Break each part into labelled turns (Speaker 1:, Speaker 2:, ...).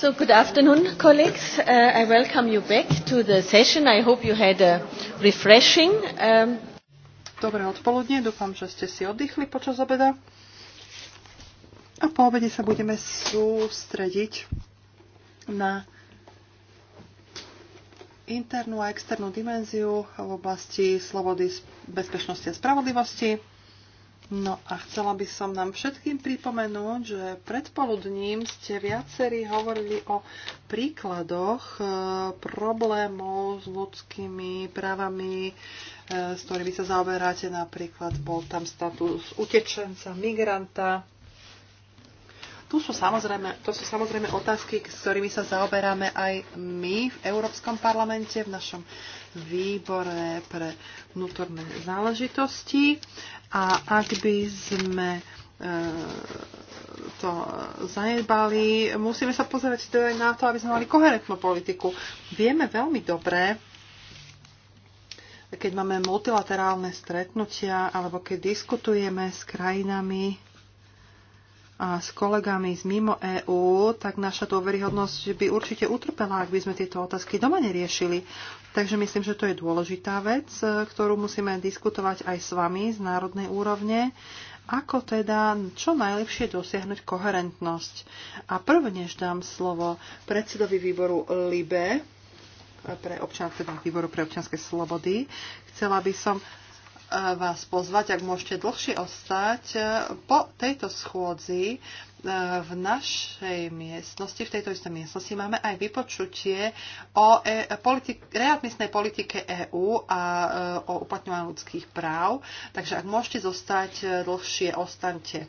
Speaker 1: So good afternoon, colleagues. Uh, I welcome you back to the session. I hope you had a refreshing.
Speaker 2: Um... Dobré odpoludne, dúfam, že ste si oddychli počas obeda. A po obede sa budeme sústrediť na internú a externú dimenziu v oblasti slobody, bezpečnosti a spravodlivosti. No a chcela by som nám všetkým pripomenúť, že predpoludním ste viacerí hovorili o príkladoch e, problémov s ľudskými právami, e, s ktorými sa zaoberáte. Napríklad bol tam status utečenca, migranta, tu sú samozrejme, to sú samozrejme otázky, s ktorými sa zaoberáme aj my v Európskom parlamente, v našom výbore pre vnútorné záležitosti. A ak by sme e, to zanedbali, musíme sa pozerať na to, aby sme mali koherentnú politiku. Vieme veľmi dobre, keď máme multilaterálne stretnutia alebo keď diskutujeme s krajinami, a s kolegami z mimo EÚ, tak naša dôveryhodnosť by určite utrpela, ak by sme tieto otázky doma neriešili. Takže myslím, že to je dôležitá vec, ktorú musíme diskutovať aj s vami z národnej úrovne, ako teda čo najlepšie dosiahnuť koherentnosť. A prvnež dám slovo predsedovi výboru LIBE, pre občanské, teda výboru pre občanské slobody. Chcela by som vás pozvať, ak môžete dlhšie ostať eh, po tejto schôdzi v našej miestnosti, v tejto istej miestnosti, máme aj vypočutie o e- politik- readmisnej politike EÚ a e- o uplatňovaní ľudských práv. Takže ak môžete zostať e, dlhšie, ostaňte. E-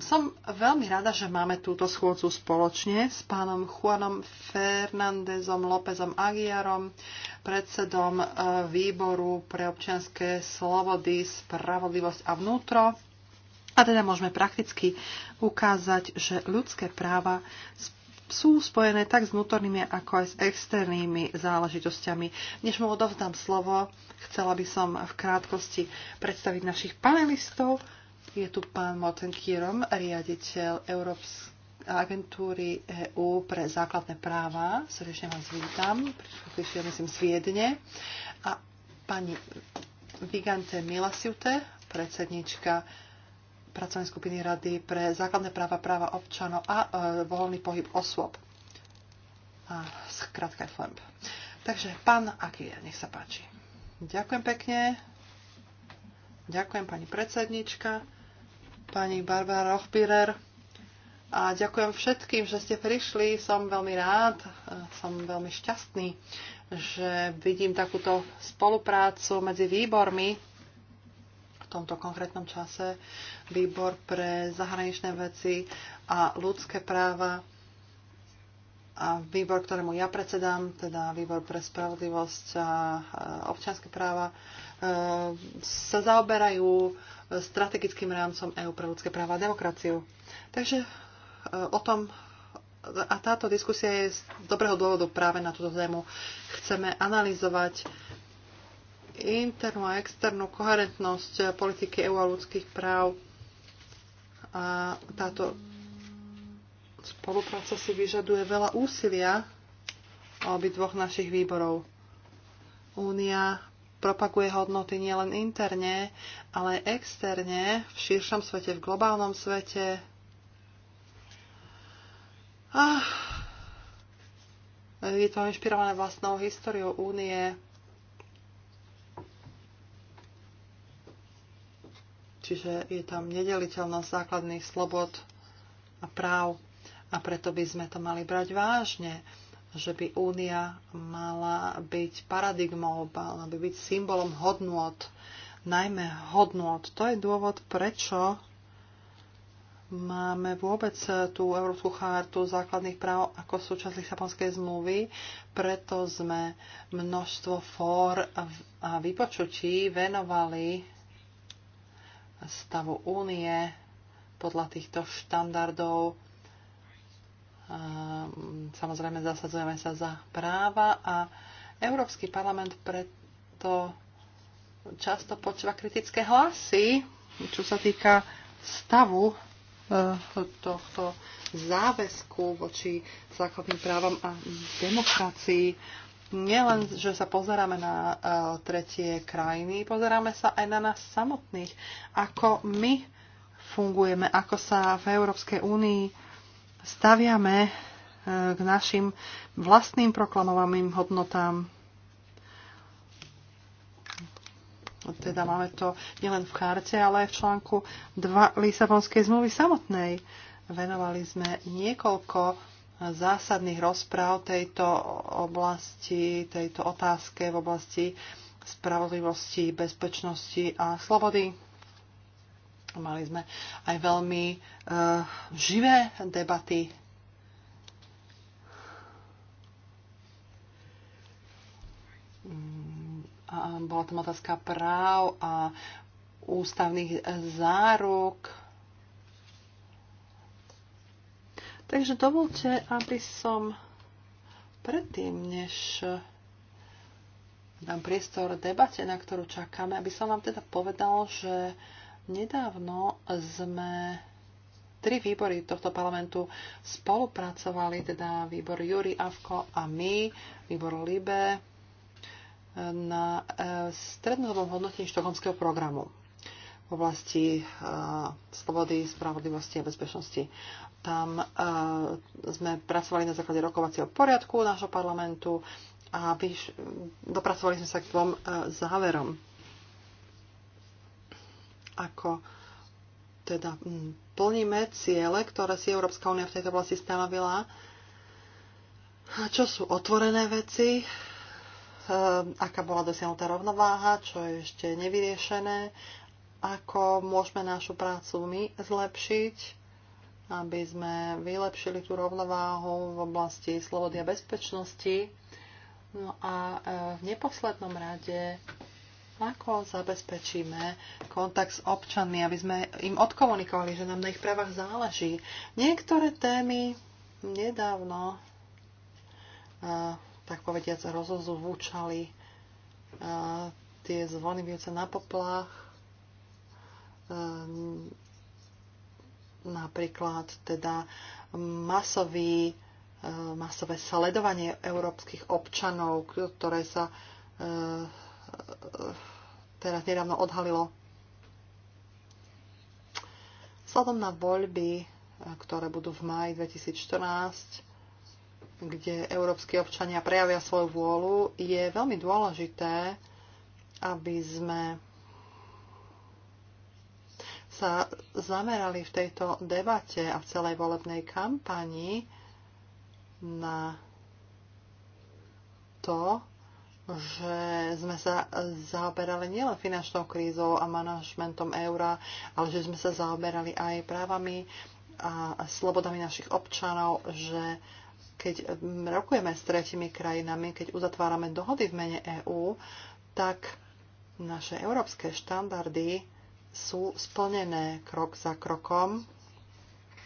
Speaker 2: som veľmi rada, že máme túto schôdzu spoločne s pánom Juanom Fernandezom Lópezom Aguiarom, predsedom e- výboru pre občianské slobody, spravodlivosť a vnútro a teda môžeme prakticky ukázať, že ľudské práva sú spojené tak s vnútornými, ako aj s externými záležitosťami. Než mu odovzdám slovo, chcela by som v krátkosti predstaviť našich panelistov. Je tu pán Moten Kírom, riaditeľ Európskej agentúry EÚ pre základné práva. Srdečne vás vítam. Prišiel, myslím, z Viedne. A pani Vigante Milasiute, predsednička pracovnej skupiny Rady pre základné práva, práva občanov a e, voľný pohyb osôb. A skratka FLEMP. Takže pán Akie, nech sa páči. Ďakujem pekne. Ďakujem pani predsednička, pani Barbara Rochbirer. A ďakujem všetkým, že ste prišli. Som veľmi rád, e, som veľmi šťastný, že vidím takúto spoluprácu medzi výbormi tomto konkrétnom čase výbor pre zahraničné veci a ľudské práva a výbor, ktorému ja predsedám, teda výbor pre spravodlivosť a občianske práva, e, sa zaoberajú strategickým rámcom EÚ pre ľudské práva a demokraciu. Takže e, o tom a táto diskusia je z dobrého dôvodu práve na túto tému. Chceme analyzovať internú a externú koherentnosť politiky EU a ľudských práv. A táto spolupráca si vyžaduje veľa úsilia obi dvoch našich výborov. Únia propaguje hodnoty nielen interne, ale aj externe, v širšom svete, v globálnom svete. Ah, je to inšpirované vlastnou históriou únie, čiže je tam nedeliteľnosť základných slobod a práv. A preto by sme to mali brať vážne, že by únia mala byť paradigmou, mala by byť symbolom hodnôt, najmä hodnôt. To je dôvod, prečo máme vôbec tú Európsku chartu základných práv ako súčasť Lisabonskej zmluvy, preto sme množstvo fór a vypočutí venovali stavu únie podľa týchto štandardov. Samozrejme zasadzujeme sa za práva a Európsky parlament preto často počúva kritické hlasy, čo sa týka stavu e, tohto záväzku voči základným právam a demokracii nielen, že sa pozeráme na e, tretie krajiny, pozeráme sa aj na nás samotných, ako my fungujeme, ako sa v Európskej únii staviame e, k našim vlastným proklamovaným hodnotám. Teda máme to nielen v charte, ale aj v článku 2 Lisabonskej zmluvy samotnej. Venovali sme niekoľko zásadných rozpráv tejto oblasti, tejto otázke v oblasti spravodlivosti, bezpečnosti a slobody. Mali sme aj veľmi uh, živé debaty. Mm, a bola tam otázka práv a ústavných záruk Takže dovolte, aby som predtým, než dám priestor debate, na ktorú čakáme, aby som vám teda povedal, že nedávno sme tri výbory tohto parlamentu spolupracovali, teda výbor Juri Avko a my, výbor Libe, na eh, strednodobom hodnotení štokholmského programu v oblasti eh, slobody, spravodlivosti a bezpečnosti. Tam eh, sme pracovali na základe rokovacieho poriadku nášho parlamentu a dopracovali sme sa k dvom eh, záverom. Ako teda hm, plníme ciele, ktoré si Európska únia v tejto oblasti stanovila. A čo sú otvorené veci, e, aká bola dosiahnutá rovnováha, čo je ešte nevyriešené ako môžeme našu prácu my zlepšiť, aby sme vylepšili tú rovnováhu v oblasti slobody a bezpečnosti. No a e, v neposlednom rade, ako zabezpečíme kontakt s občanmi, aby sme im odkomunikovali, že nám na ich právach záleží. Niektoré témy nedávno, e, tak povediac, rozozvučali e, tie zvony bijúce na poplach, Ehm, napríklad teda masový, ehm, masové sledovanie európskych občanov, ktoré sa ehm, teraz nedávno odhalilo. Sladom na voľby, ktoré budú v maji 2014, kde európsky občania prejavia svoju vôľu, je veľmi dôležité, aby sme sa zamerali v tejto debate a v celej volebnej kampani na to, že sme sa zaoberali nielen finančnou krízou a manažmentom eura, ale že sme sa zaoberali aj právami a slobodami našich občanov, že keď rokujeme s tretimi krajinami, keď uzatvárame dohody v mene EÚ, tak naše európske štandardy sú splnené krok za krokom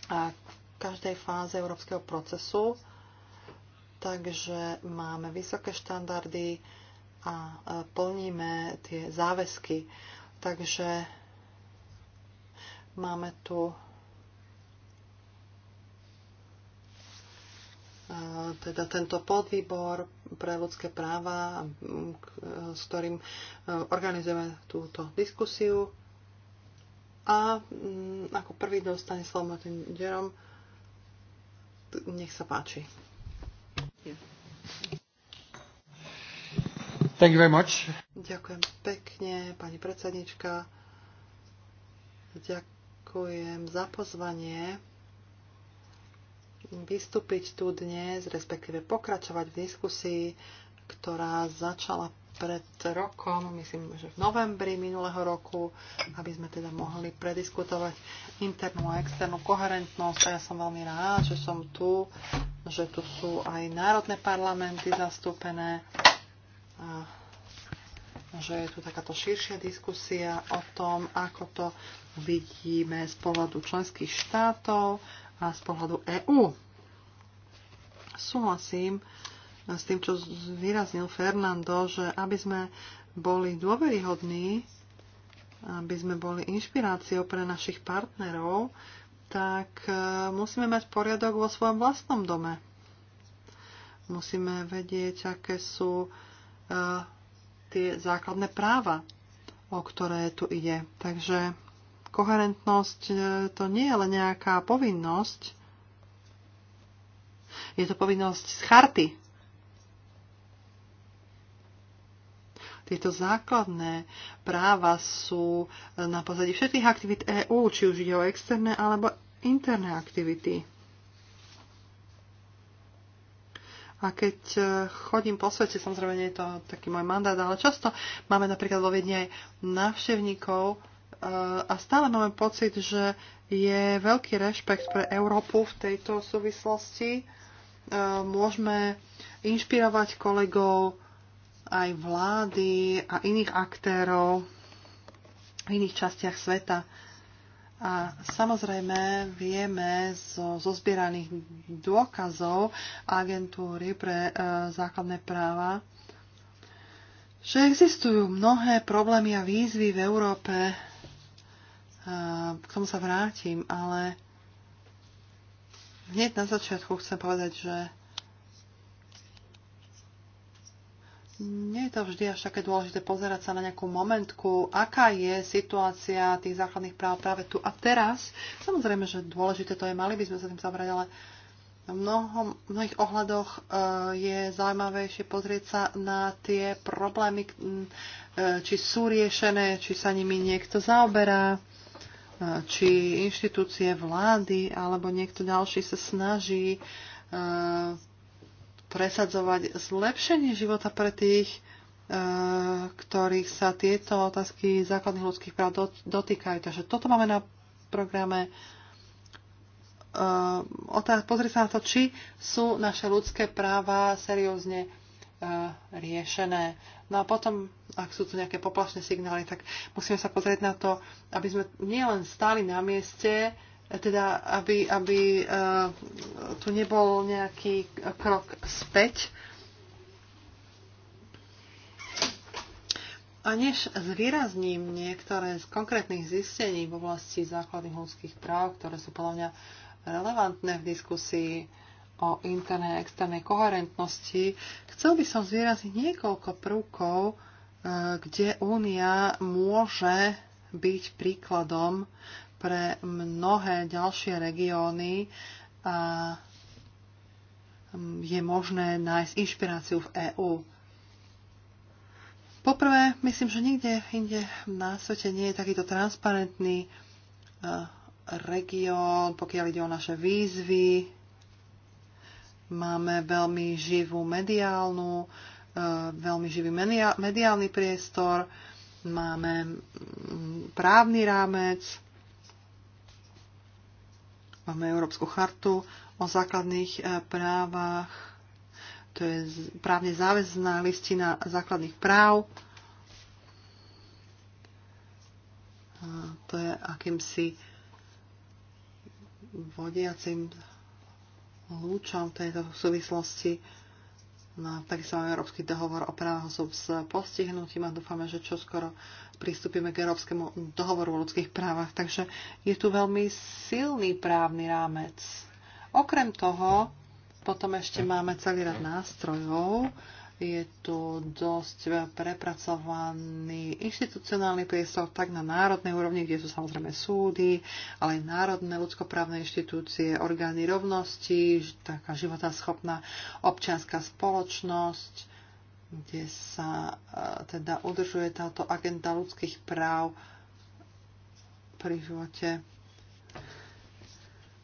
Speaker 2: a v každej fáze európskeho procesu. Takže máme vysoké štandardy a plníme tie záväzky. Takže máme tu teda tento podvýbor pre ľudské práva, s ktorým e, organizujeme túto diskusiu. A m, mm, ako prvý dostane slovo tým Derom. Nech sa páči.
Speaker 1: Thank you very much.
Speaker 2: Ďakujem pekne, pani predsednička. Ďakujem za pozvanie vystúpiť tu dnes, respektíve pokračovať v diskusii ktorá začala pred rokom, myslím, že v novembri minulého roku, aby sme teda mohli prediskutovať internú a externú koherentnosť. A ja som veľmi rád, že som tu, že tu sú aj národné parlamenty zastúpené a že je tu takáto širšia diskusia o tom, ako to vidíme z pohľadu členských štátov a z pohľadu EÚ. Súhlasím, s tým, čo vyraznil Fernando, že aby sme boli dôveryhodní, aby sme boli inšpiráciou pre našich partnerov, tak e, musíme mať poriadok vo svojom vlastnom dome. Musíme vedieť, aké sú e, tie základné práva, o ktoré tu ide. Takže koherentnosť e, to nie je len nejaká povinnosť, je to povinnosť z charty. Tieto základné práva sú na pozadí všetkých aktivít EÚ, či už ide o externé alebo interné aktivity. A keď e, chodím po svete, samozrejme nie je to taký môj mandát, ale často máme napríklad vo Viedne aj návštevníkov e, a stále máme pocit, že je veľký rešpekt pre Európu v tejto súvislosti. E, môžeme inšpirovať kolegov, aj vlády a iných aktérov v iných častiach sveta. A samozrejme vieme zo, zozbieraných dôkazov agentúry pre e, základné práva, že existujú mnohé problémy a výzvy v Európe. E, k tomu sa vrátim, ale hneď na začiatku chcem povedať, že Nie je to vždy až také dôležité pozerať sa na nejakú momentku, aká je situácia tých základných práv práve tu a teraz. Samozrejme, že dôležité to je, mali by sme sa tým zabrať, ale v mnoho, mnohých ohľadoch e, je zaujímavejšie pozrieť sa na tie problémy, e, či sú riešené, či sa nimi niekto zaoberá, e, či inštitúcie vlády alebo niekto ďalší sa snaží presadzovať zlepšenie života pre tých, e, ktorých sa tieto otázky základných ľudských práv dotýkajú. Takže toto máme na programe. E, pozri sa na to, či sú naše ľudské práva seriózne e, riešené. No a potom, ak sú tu nejaké poplašné signály, tak musíme sa pozrieť na to, aby sme nielen stáli na mieste, teda aby, aby eh, tu nebol nejaký krok späť. A než zvýrazním niektoré z konkrétnych zistení v oblasti základných ľudských práv, ktoré sú podľa mňa relevantné v diskusii o internej a externej koherentnosti, chcel by som zvýrazniť niekoľko prvkov, eh, kde Únia môže byť príkladom pre mnohé ďalšie regióny a mm, je možné nájsť inšpiráciu v EÚ. Poprvé, myslím, že nikde inde na svete nie je takýto transparentný e, región, pokiaľ ide o naše výzvy. Máme veľmi živú mediálnu, e, veľmi živý mediálny priestor, máme mm, právny rámec, Máme Európsku chartu o základných e, právach, to je právne záväzná listina základných práv. To je akýmsi vodiacim lúčom tejto súvislosti. No, takisto máme Európsky dohovor o právach osob s postihnutím a dúfame, že čoskoro pristúpime k Európskemu dohovoru o ľudských právach. Takže je tu veľmi silný právny rámec. Okrem toho, potom ešte máme celý rad nástrojov. Je tu dosť prepracovaný inštitucionálny priestor tak na národnej úrovni, kde sú samozrejme súdy, ale aj národné ľudskoprávne inštitúcie, orgány rovnosti, taká životaschopná občianská spoločnosť, kde sa e, teda udržuje táto agenda ľudských práv pri živote.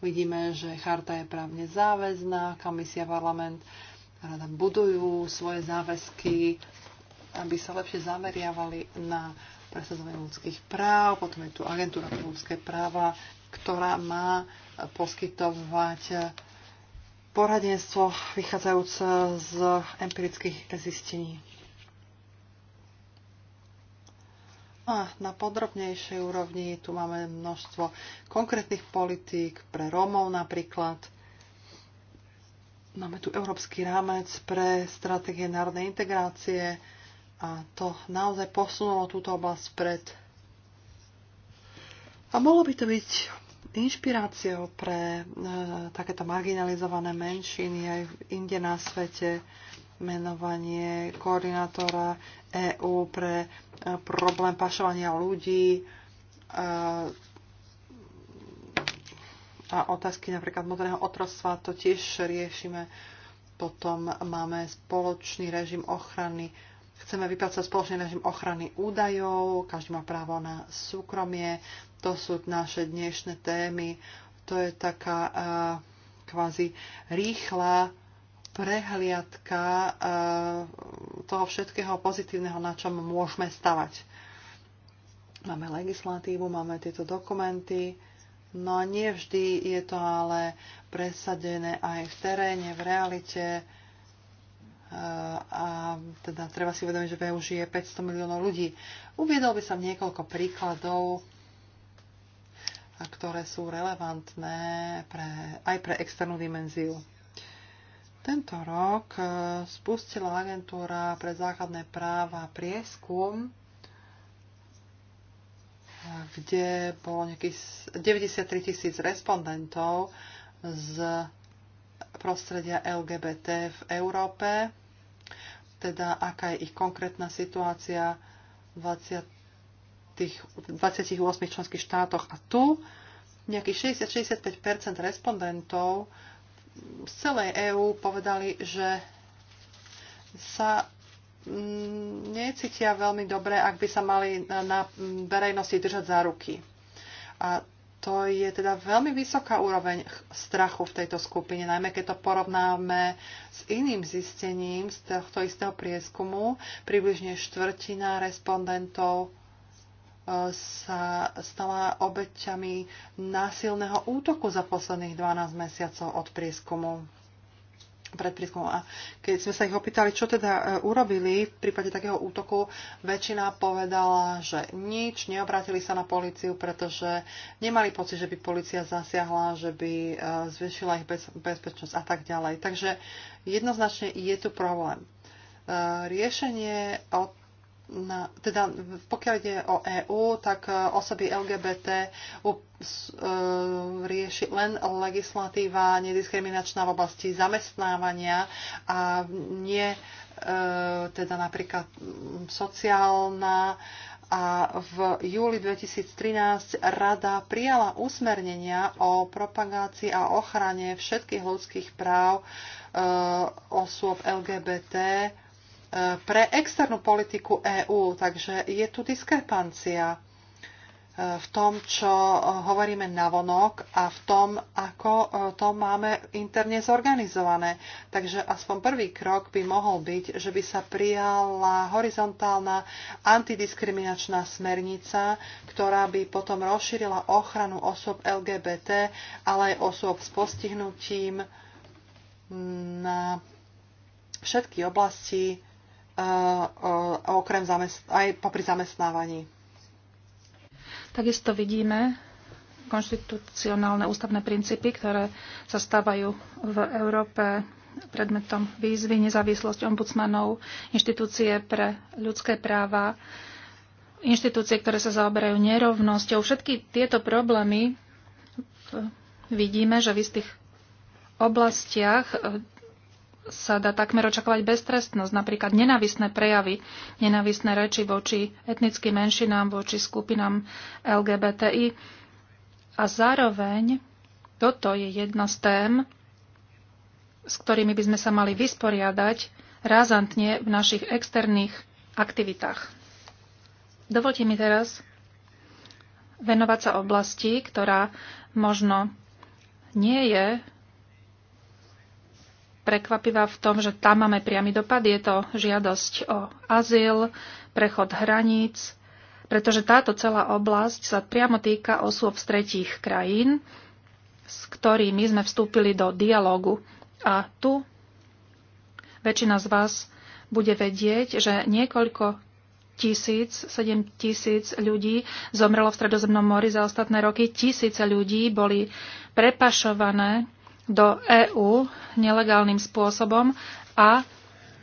Speaker 2: Vidíme, že charta je právne záväzná, komisia, parlament, rada budujú svoje záväzky, aby sa lepšie zameriavali na presadzovanie ľudských práv. Potom je tu agentúra pre ľudské práva, ktorá má poskytovať poradenstvo vychádzajúce z empirických zistení. A na podrobnejšej úrovni tu máme množstvo konkrétnych politík pre Rómov napríklad. Máme tu európsky rámec pre stratégie národnej integrácie a to naozaj posunulo túto oblasť pred. A mohlo by to byť inšpiráciou pre e, takéto marginalizované menšiny aj inde na svete menovanie koordinátora EÚ pre e, problém pašovania ľudí e, a otázky napríklad moderného otrostva, to tiež riešime. Potom máme spoločný režim ochrany e, Chceme vypracovať spoločný režim ochrany údajov, každý má právo na súkromie. To sú naše dnešné témy. To je taká uh, kvázi rýchla prehliadka uh, toho všetkého pozitívneho, na čom môžeme stavať. Máme legislatívu, máme tieto dokumenty, no a nie vždy je to ale presadené aj v teréne, v realite a teda treba si uvedomiť, že v EU žije 500 miliónov ľudí. Uviedol by som niekoľko príkladov, ktoré sú relevantné pre, aj pre externú dimenziu. Tento rok e, spustila agentúra pre základné práva prieskum, e, kde bolo nejakých 93 tisíc respondentov z prostredia LGBT v Európe teda aká je ich konkrétna situácia v 20, 28 členských štátoch. A tu nejakých 60-65 respondentov z celej EÚ povedali, že sa mm, necítia veľmi dobre, ak by sa mali na verejnosti držať za ruky. A to je teda veľmi vysoká úroveň strachu v tejto skupine, najmä keď to porovnáme s iným zistením z tohto istého prieskumu. Približne štvrtina respondentov e, sa stala obeťami násilného útoku za posledných 12 mesiacov od prieskumu pred prískumom. A keď sme sa ich opýtali, čo teda e, urobili v prípade takého útoku, väčšina povedala, že nič, neobrátili sa na policiu, pretože nemali pocit, že by policia zasiahla, že by e, zvyšila ich bez, bezpečnosť a tak ďalej. Takže jednoznačne je tu problém. E, riešenie od na, teda pokiaľ ide o EÚ, tak e, osoby LGBT e, rieši len legislatíva nediskriminačná v oblasti zamestnávania a nie e, teda napríklad sociálna a v júli 2013 rada prijala usmernenia o propagácii a ochrane všetkých ľudských práv e, osôb LGBT pre externú politiku EÚ. Takže je tu diskrepancia e, v tom, čo e, hovoríme navonok a v tom, ako e, to máme interne zorganizované. Takže aspoň prvý krok by mohol byť, že by sa prijala horizontálna antidiskriminačná smernica, ktorá by potom rozšírila ochranu osob LGBT, ale aj osob s postihnutím na všetky oblasti Eh, okrem aj popri zamestnávaní.
Speaker 3: Takisto vidíme konštitucionálne ústavné princípy, ktoré sa stávajú v Európe predmetom výzvy, nezávislosť ombudsmanov, inštitúcie pre ľudské práva, inštitúcie, ktoré sa zaoberajú nerovnosťou. Všetky tieto problémy vidíme, že v istých oblastiach sa dá takmer očakávať beztrestnosť, napríklad nenavisné prejavy, nenavisné reči voči etnickým menšinám, voči skupinám LGBTI. A zároveň toto je jedna z tém, s ktorými by sme sa mali vysporiadať razantne v našich externých aktivitách. Dovolte mi teraz venovať sa oblasti, ktorá možno nie je prekvapivá v tom, že tam máme priamy dopad. Je to žiadosť o azyl, prechod hraníc, pretože táto celá oblasť sa priamo týka osôb z tretích krajín, s ktorými sme vstúpili do dialogu. A tu väčšina z vás bude vedieť, že niekoľko tisíc, sedem tisíc ľudí zomrelo v Stredozemnom mori za ostatné roky. Tisíce ľudí boli prepašované do EÚ nelegálnym spôsobom a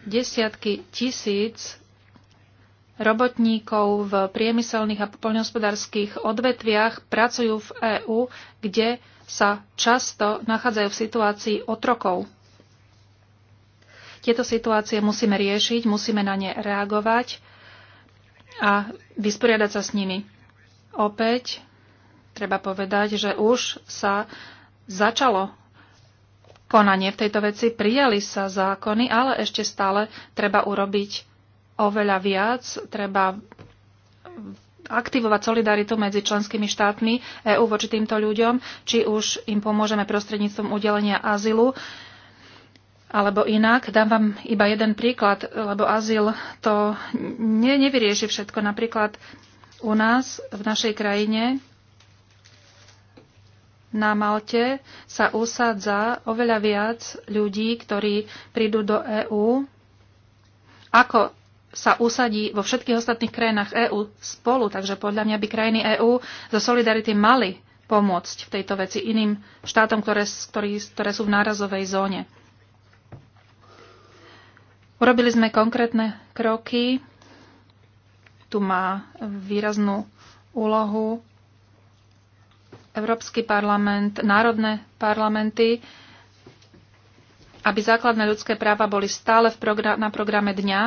Speaker 3: desiatky tisíc robotníkov v priemyselných a poľnohospodárských odvetviach pracujú v EÚ, kde sa často nachádzajú v situácii otrokov. Tieto situácie musíme riešiť, musíme na ne reagovať a vysporiadať sa s nimi. Opäť treba povedať, že už sa začalo konanie v tejto veci. Prijali sa zákony, ale ešte stále treba urobiť oveľa viac. Treba aktivovať solidaritu medzi členskými štátmi EÚ voči týmto ľuďom, či už im pomôžeme prostredníctvom udelenia azylu, alebo inak. Dám vám iba jeden príklad, lebo azyl to ne, nevyrieši všetko. Napríklad u nás, v našej krajine, na Malte sa usádza oveľa viac ľudí, ktorí prídu do EÚ, ako sa usadí vo všetkých ostatných krajinách EÚ spolu. Takže podľa mňa by krajiny EÚ zo Solidarity mali pomôcť v tejto veci iným štátom, ktoré, ktorý, ktoré sú v nárazovej zóne. Urobili sme konkrétne kroky. Tu má výraznú úlohu Európsky parlament, národné parlamenty, aby základné ľudské práva boli stále v progra- na programe dňa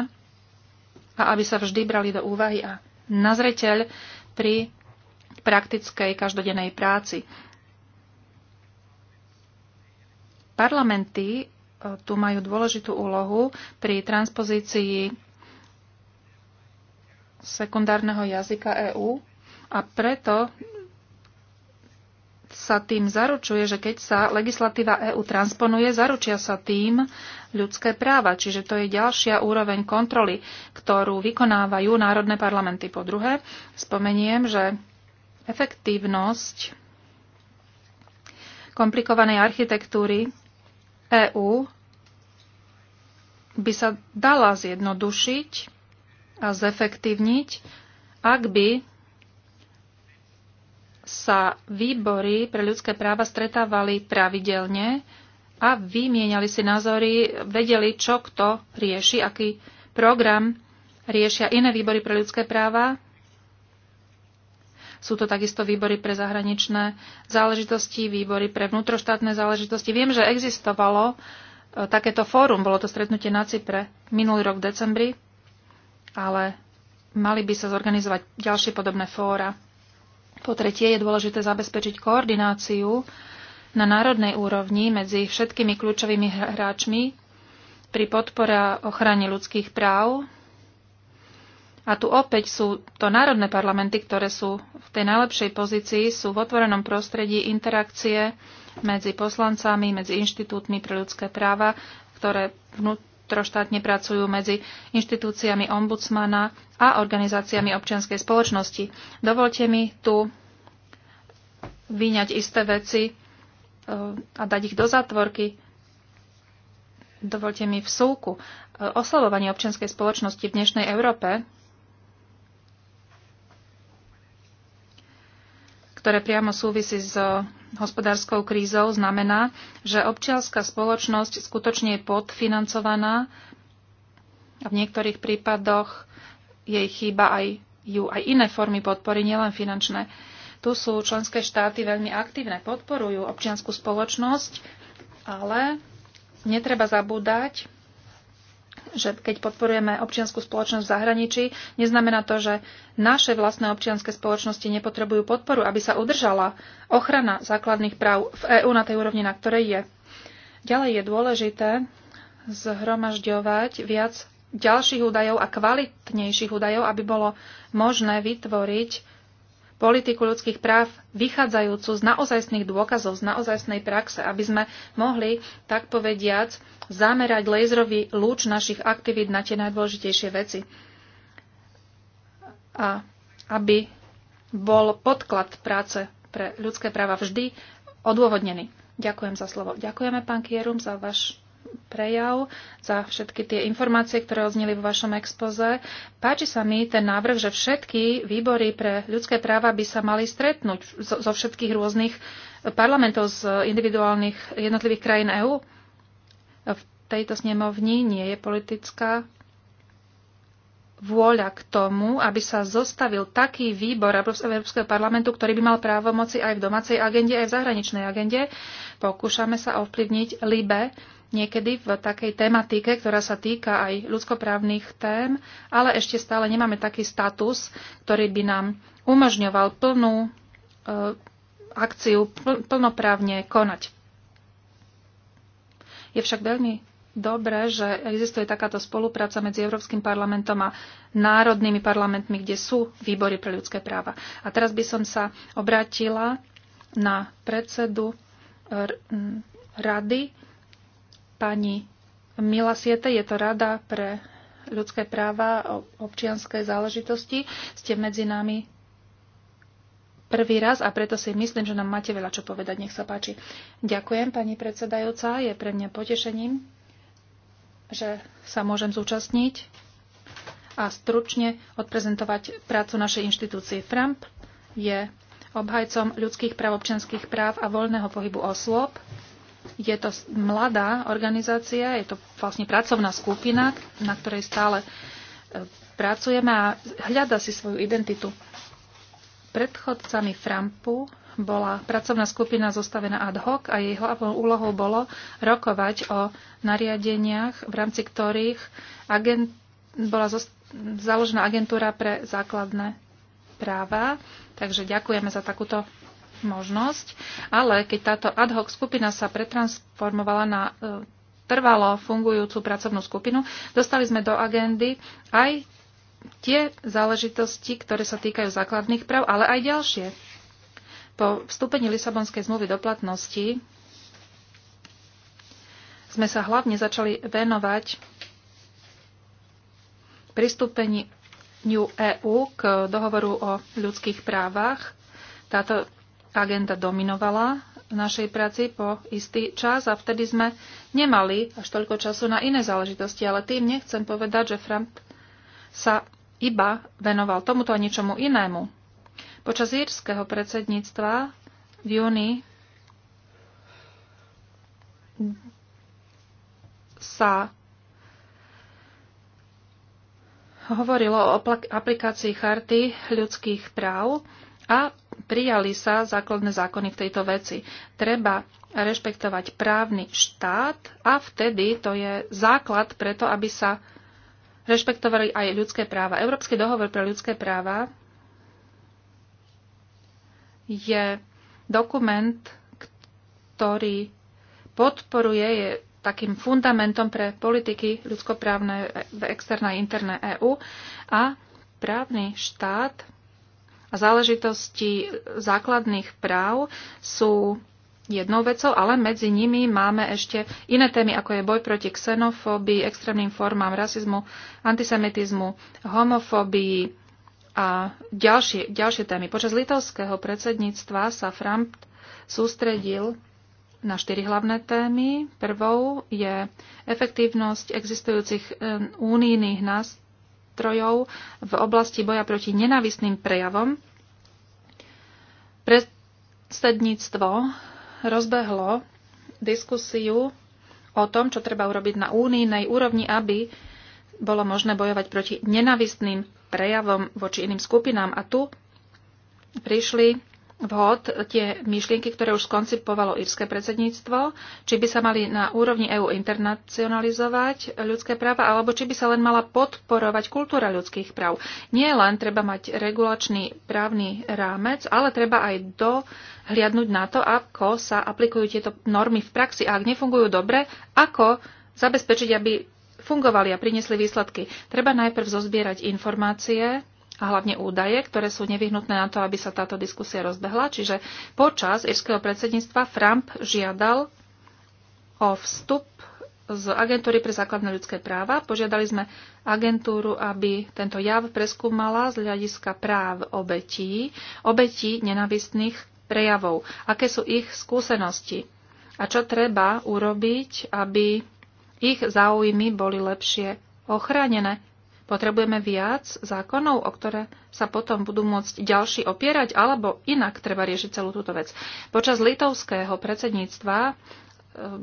Speaker 3: a aby sa vždy brali do úvahy a na zreteľ pri praktickej každodennej práci. Parlamenty e, tu majú dôležitú úlohu pri transpozícii sekundárneho jazyka EÚ a preto sa tým zaručuje, že keď sa legislatíva EÚ transponuje, zaručia sa tým ľudské práva. Čiže to je ďalšia úroveň kontroly, ktorú vykonávajú národné parlamenty. Po druhé, spomeniem, že efektívnosť komplikovanej architektúry EÚ by sa dala zjednodušiť a zefektívniť, ak by sa výbory pre ľudské práva stretávali pravidelne a vymieniali si názory, vedeli, čo kto rieši, aký program riešia iné výbory pre ľudské práva. Sú to takisto výbory pre zahraničné záležitosti, výbory pre vnútroštátne záležitosti. Viem, že existovalo e, takéto fórum, bolo to stretnutie na Cypre minulý rok v decembri, ale mali by sa zorganizovať ďalšie podobné fóra. Po tretie je dôležité zabezpečiť koordináciu na národnej úrovni medzi všetkými kľúčovými hráčmi pri podpore a ochrane ľudských práv. A tu opäť sú to národné parlamenty, ktoré sú v tej najlepšej pozícii, sú v otvorenom prostredí interakcie medzi poslancami, medzi inštitútmi pre ľudské práva, ktoré vnú, vnútroštátne pracujú medzi inštitúciami ombudsmana a organizáciami občianskej spoločnosti. Dovolte mi tu vyňať isté veci e, a dať ich do zátvorky. Dovolte mi v súku. E, Oslavovanie občianskej spoločnosti v dnešnej Európe, ktoré priamo súvisí s hospodárskou krízou, znamená, že občianská spoločnosť skutočne je podfinancovaná a v niektorých prípadoch jej chýba aj ju aj iné formy podpory, nielen finančné. Tu sú členské štáty veľmi aktívne, podporujú občianskú spoločnosť, ale netreba zabúdať, že keď podporujeme občianskú spoločnosť v zahraničí, neznamená to, že naše vlastné občianske spoločnosti nepotrebujú podporu, aby sa udržala ochrana základných práv v EÚ na tej úrovni, na ktorej je. Ďalej je dôležité zhromažďovať viac ďalších údajov a kvalitnejších údajov, aby bolo možné vytvoriť politiku ľudských práv vychádzajúcu z naozajstných dôkazov, z naozajstnej praxe, aby sme mohli, tak povediac, zamerať lejzrový lúč našich aktivít na tie najdôležitejšie veci. A aby bol podklad práce pre ľudské práva vždy odôvodnený. Ďakujem za slovo. Ďakujeme, pán Kierum, za váš prejav, za všetky tie informácie, ktoré ozneli vo vašom expoze. Páči sa mi ten návrh, že všetky výbory pre ľudské práva by sa mali stretnúť zo všetkých rôznych parlamentov z individuálnych jednotlivých krajín EÚ. V tejto snemovni nie je politická vôľa k tomu, aby sa zostavil taký výbor Európskeho parlamentu, ktorý by mal právomoci aj v domácej agende, aj v zahraničnej agende. Pokúšame sa ovplyvniť LIBE niekedy v takej tematike, ktorá sa týka aj ľudskoprávnych tém, ale ešte stále nemáme taký status, ktorý by nám umožňoval plnú e, akciu pl- plnoprávne konať. Je však veľmi dobré, že existuje takáto spolupráca medzi Európskym parlamentom a národnými parlamentmi, kde sú výbory pre ľudské práva. A teraz by som sa obrátila na predsedu eh, rady pani Mila Siete, je to Rada pre ľudské práva a občianské záležitosti. Ste medzi nami prvý raz a preto si myslím, že nám máte veľa čo povedať. Nech sa páči. Ďakujem, pani predsedajúca. Je pre mňa potešením, že sa môžem zúčastniť a stručne odprezentovať prácu našej inštitúcie FRAMP. Je obhajcom ľudských práv, občianských práv a voľného pohybu osôb je to mladá organizácia, je to vlastne pracovná skupina, na ktorej stále e, pracujeme a hľada si svoju identitu. Predchodcami Frampu bola pracovná skupina zostavená ad hoc a jej hlavnou úlohou bolo rokovať o nariadeniach, v rámci ktorých agent, bola založená agentúra pre základné práva. Takže ďakujeme za takúto možnosť, ale keď táto ad hoc skupina sa pretransformovala na e, trvalo fungujúcu pracovnú skupinu, dostali sme do agendy aj tie záležitosti, ktoré sa týkajú základných práv, ale aj ďalšie. Po vstúpení Lisabonskej zmluvy do platnosti sme sa hlavne začali venovať pristúpeniu EÚ k dohovoru o ľudských právach. Táto agenda dominovala v našej práci po istý čas a vtedy sme nemali až toľko času na iné záležitosti, ale tým nechcem povedať, že Frank sa iba venoval tomuto a ničomu inému. Počas írskeho predsedníctva v júni sa hovorilo o aplikácii charty ľudských práv a prijali sa základné zákony v tejto veci. Treba rešpektovať právny štát a vtedy to je základ preto, aby sa rešpektovali aj ľudské práva. Európsky dohovor pre ľudské práva je dokument, ktorý podporuje, je takým fundamentom pre politiky ľudskoprávne v externej interné EÚ a právny štát a záležitosti základných práv sú jednou vecou, ale medzi nimi máme ešte iné témy, ako je boj proti xenofóbii, extrémnym formám rasizmu, antisemitizmu, homofóbii a ďalšie, ďalšie témy. Počas litovského predsedníctva sa Framp sústredil na štyri hlavné témy. Prvou je efektívnosť existujúcich únijných eh, nástrojov nástrojov v oblasti boja proti nenávisným prejavom. Predsedníctvo rozbehlo diskusiu o tom, čo treba urobiť na únijnej úrovni, aby bolo možné bojovať proti nenavistným prejavom voči iným skupinám. A tu prišli vhod tie myšlienky, ktoré už skoncipovalo írske predsedníctvo, či by sa mali na úrovni EÚ internacionalizovať ľudské práva, alebo či by sa len mala podporovať kultúra ľudských práv. Nie len treba mať regulačný právny rámec, ale treba aj dohliadnúť na to, ako sa aplikujú tieto normy v praxi a ak nefungujú dobre, ako zabezpečiť, aby fungovali a priniesli výsledky. Treba najprv zozbierať informácie, a hlavne údaje, ktoré sú nevyhnutné na to, aby sa táto diskusia rozbehla. Čiže počas irského predsedníctva Trump žiadal o vstup z Agentúry pre základné ľudské práva. Požiadali sme agentúru, aby tento jav preskúmala z hľadiska práv obetí, obetí nenavistných prejavov. Aké sú ich skúsenosti a čo treba urobiť, aby ich záujmy boli lepšie ochránené Potrebujeme viac zákonov, o ktoré sa potom budú môcť ďalší opierať, alebo inak treba riešiť celú túto vec. Počas litovského predsedníctva e,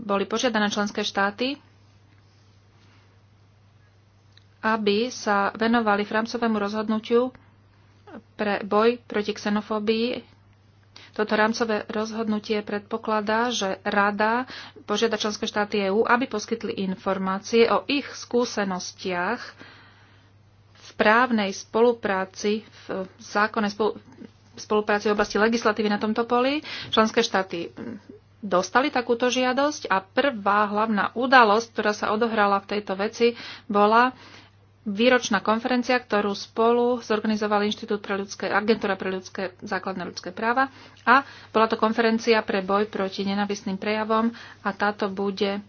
Speaker 3: boli požiadané členské štáty, aby sa venovali rámcovému rozhodnutiu pre boj proti xenofóbii. Toto rámcové rozhodnutie predpokladá, že Rada požiada členské štáty EÚ, aby poskytli informácie o ich skúsenostiach právnej spolupráci, v zákonnej spolupráci v oblasti legislatívy na tomto poli. Členské štáty dostali takúto žiadosť a prvá hlavná udalosť, ktorá sa odohrala v tejto veci, bola výročná konferencia, ktorú spolu zorganizoval Inštitút pre ľudské, agentúra pre ľudské, základné ľudské práva a bola to konferencia pre boj proti nenavisným prejavom a táto bude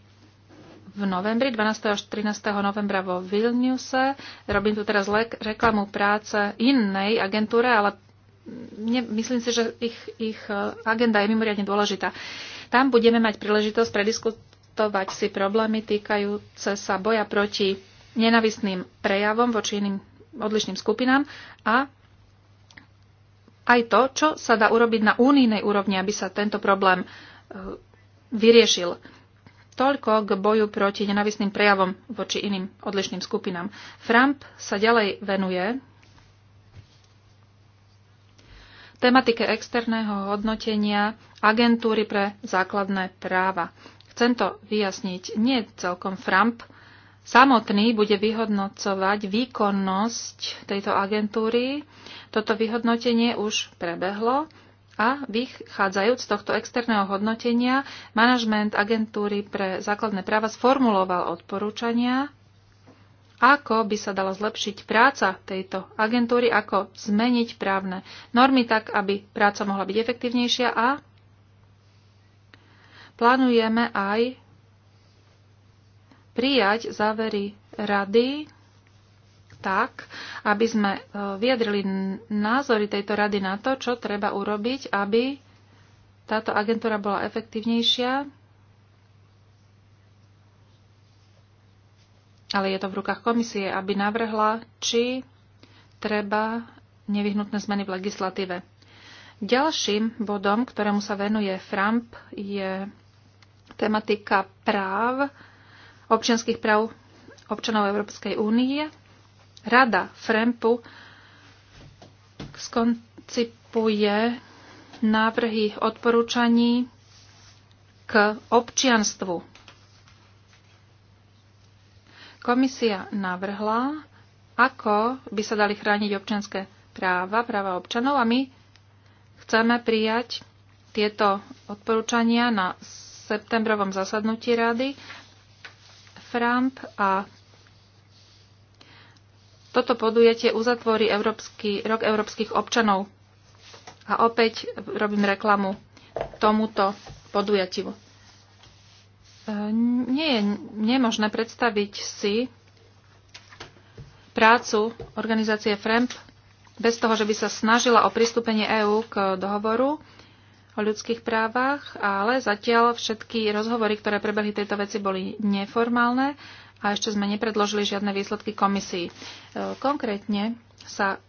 Speaker 3: v novembri, 12. až 13. novembra vo Vilniuse. Robím tu teraz reklamu práce inej agentúre, ale ne, myslím si, že ich, ich e, agenda je mimoriadne dôležitá. Tam budeme mať príležitosť prediskutovať si problémy týkajúce sa boja proti nenavistným prejavom voči iným odlišným skupinám a aj to, čo sa dá urobiť na únijnej úrovni, aby sa tento problém e, vyriešil. Toľko k boju proti nenavisným prejavom voči iným odlišným skupinám. Framp sa ďalej venuje tematike externého hodnotenia agentúry pre základné práva. Chcem to vyjasniť. Nie celkom Framp samotný bude vyhodnocovať výkonnosť tejto agentúry. Toto vyhodnotenie už prebehlo a vychádzajúc z tohto externého hodnotenia, manažment agentúry pre základné práva sformuloval odporúčania, ako by sa dala zlepšiť práca tejto agentúry, ako zmeniť právne normy tak, aby práca mohla byť efektívnejšia a plánujeme aj prijať závery rady tak, aby sme e, vyjadrili názory tejto rady na to, čo treba urobiť, aby táto agentúra bola efektívnejšia, ale je to v rukách komisie, aby navrhla, či treba nevyhnutné zmeny v legislatíve. Ďalším bodom, ktorému sa venuje Framp, je tematika práv, občianských práv občanov Európskej únie Rada FREMPu skoncipuje návrhy odporúčaní k občianstvu. Komisia navrhla, ako by sa dali chrániť občianské práva, práva občanov a my chceme prijať tieto odporúčania na septembrovom zasadnutí rady. Framp a toto podujatie uzatvorí Európsky, rok európskych občanov. A opäť robím reklamu tomuto podujatiu. E, nie je nemožné predstaviť si prácu organizácie FREMP bez toho, že by sa snažila o pristúpenie EÚ k dohovoru o ľudských právach, ale zatiaľ všetky rozhovory, ktoré prebehli tejto veci, boli neformálne a ešte sme nepredložili žiadne výsledky komisii. E, konkrétne sa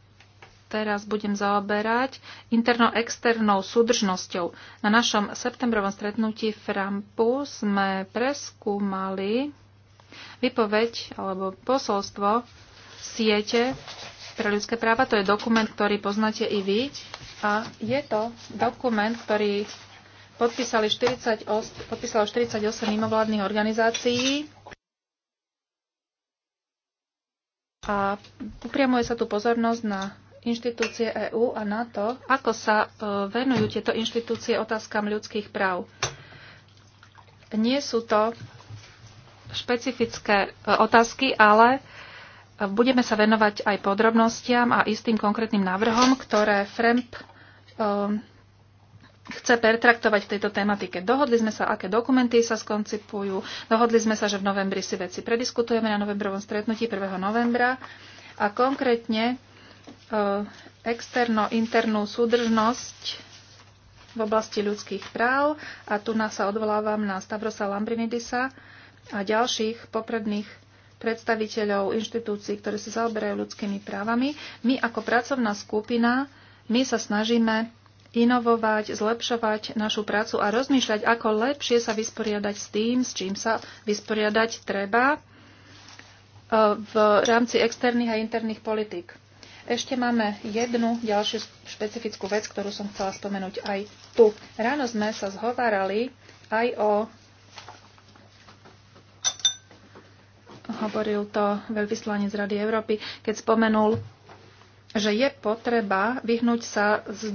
Speaker 3: teraz budem zaoberať interno-externou súdržnosťou. Na našom septembrovom stretnutí v Frampu sme preskúmali vypoveď alebo posolstvo siete pre ľudské práva. To je dokument, ktorý poznáte i vy. A je to dokument, ktorý podpísali 48, podpísalo 48 mimovládnych organizácií A upriamuje sa tu pozornosť na inštitúcie EÚ a na to, ako sa e, venujú tieto inštitúcie otázkam ľudských práv. Nie sú to špecifické e, otázky, ale e, budeme sa venovať aj podrobnostiam a istým konkrétnym návrhom, ktoré FREMP chce pertraktovať v tejto tematike. Dohodli sme sa, aké dokumenty sa skoncipujú, dohodli sme sa, že v novembri si veci prediskutujeme na novembrovom stretnutí 1. novembra a konkrétne e, externo-internú súdržnosť v oblasti ľudských práv a tu nás sa odvolávam na Stavrosa Lambrinidisa a ďalších popredných predstaviteľov inštitúcií, ktoré sa zaoberajú ľudskými právami. My ako pracovná skupina, my sa snažíme inovovať, zlepšovať našu prácu a rozmýšľať, ako lepšie sa vysporiadať s tým, s čím sa vysporiadať treba e, v rámci externých a interných politík. Ešte máme jednu ďalšiu špecifickú vec, ktorú som chcela spomenúť aj tu. Ráno sme sa zhovárali aj o hovoril to veľvyslanec Rady Európy, keď spomenul že je potreba vyhnúť sa z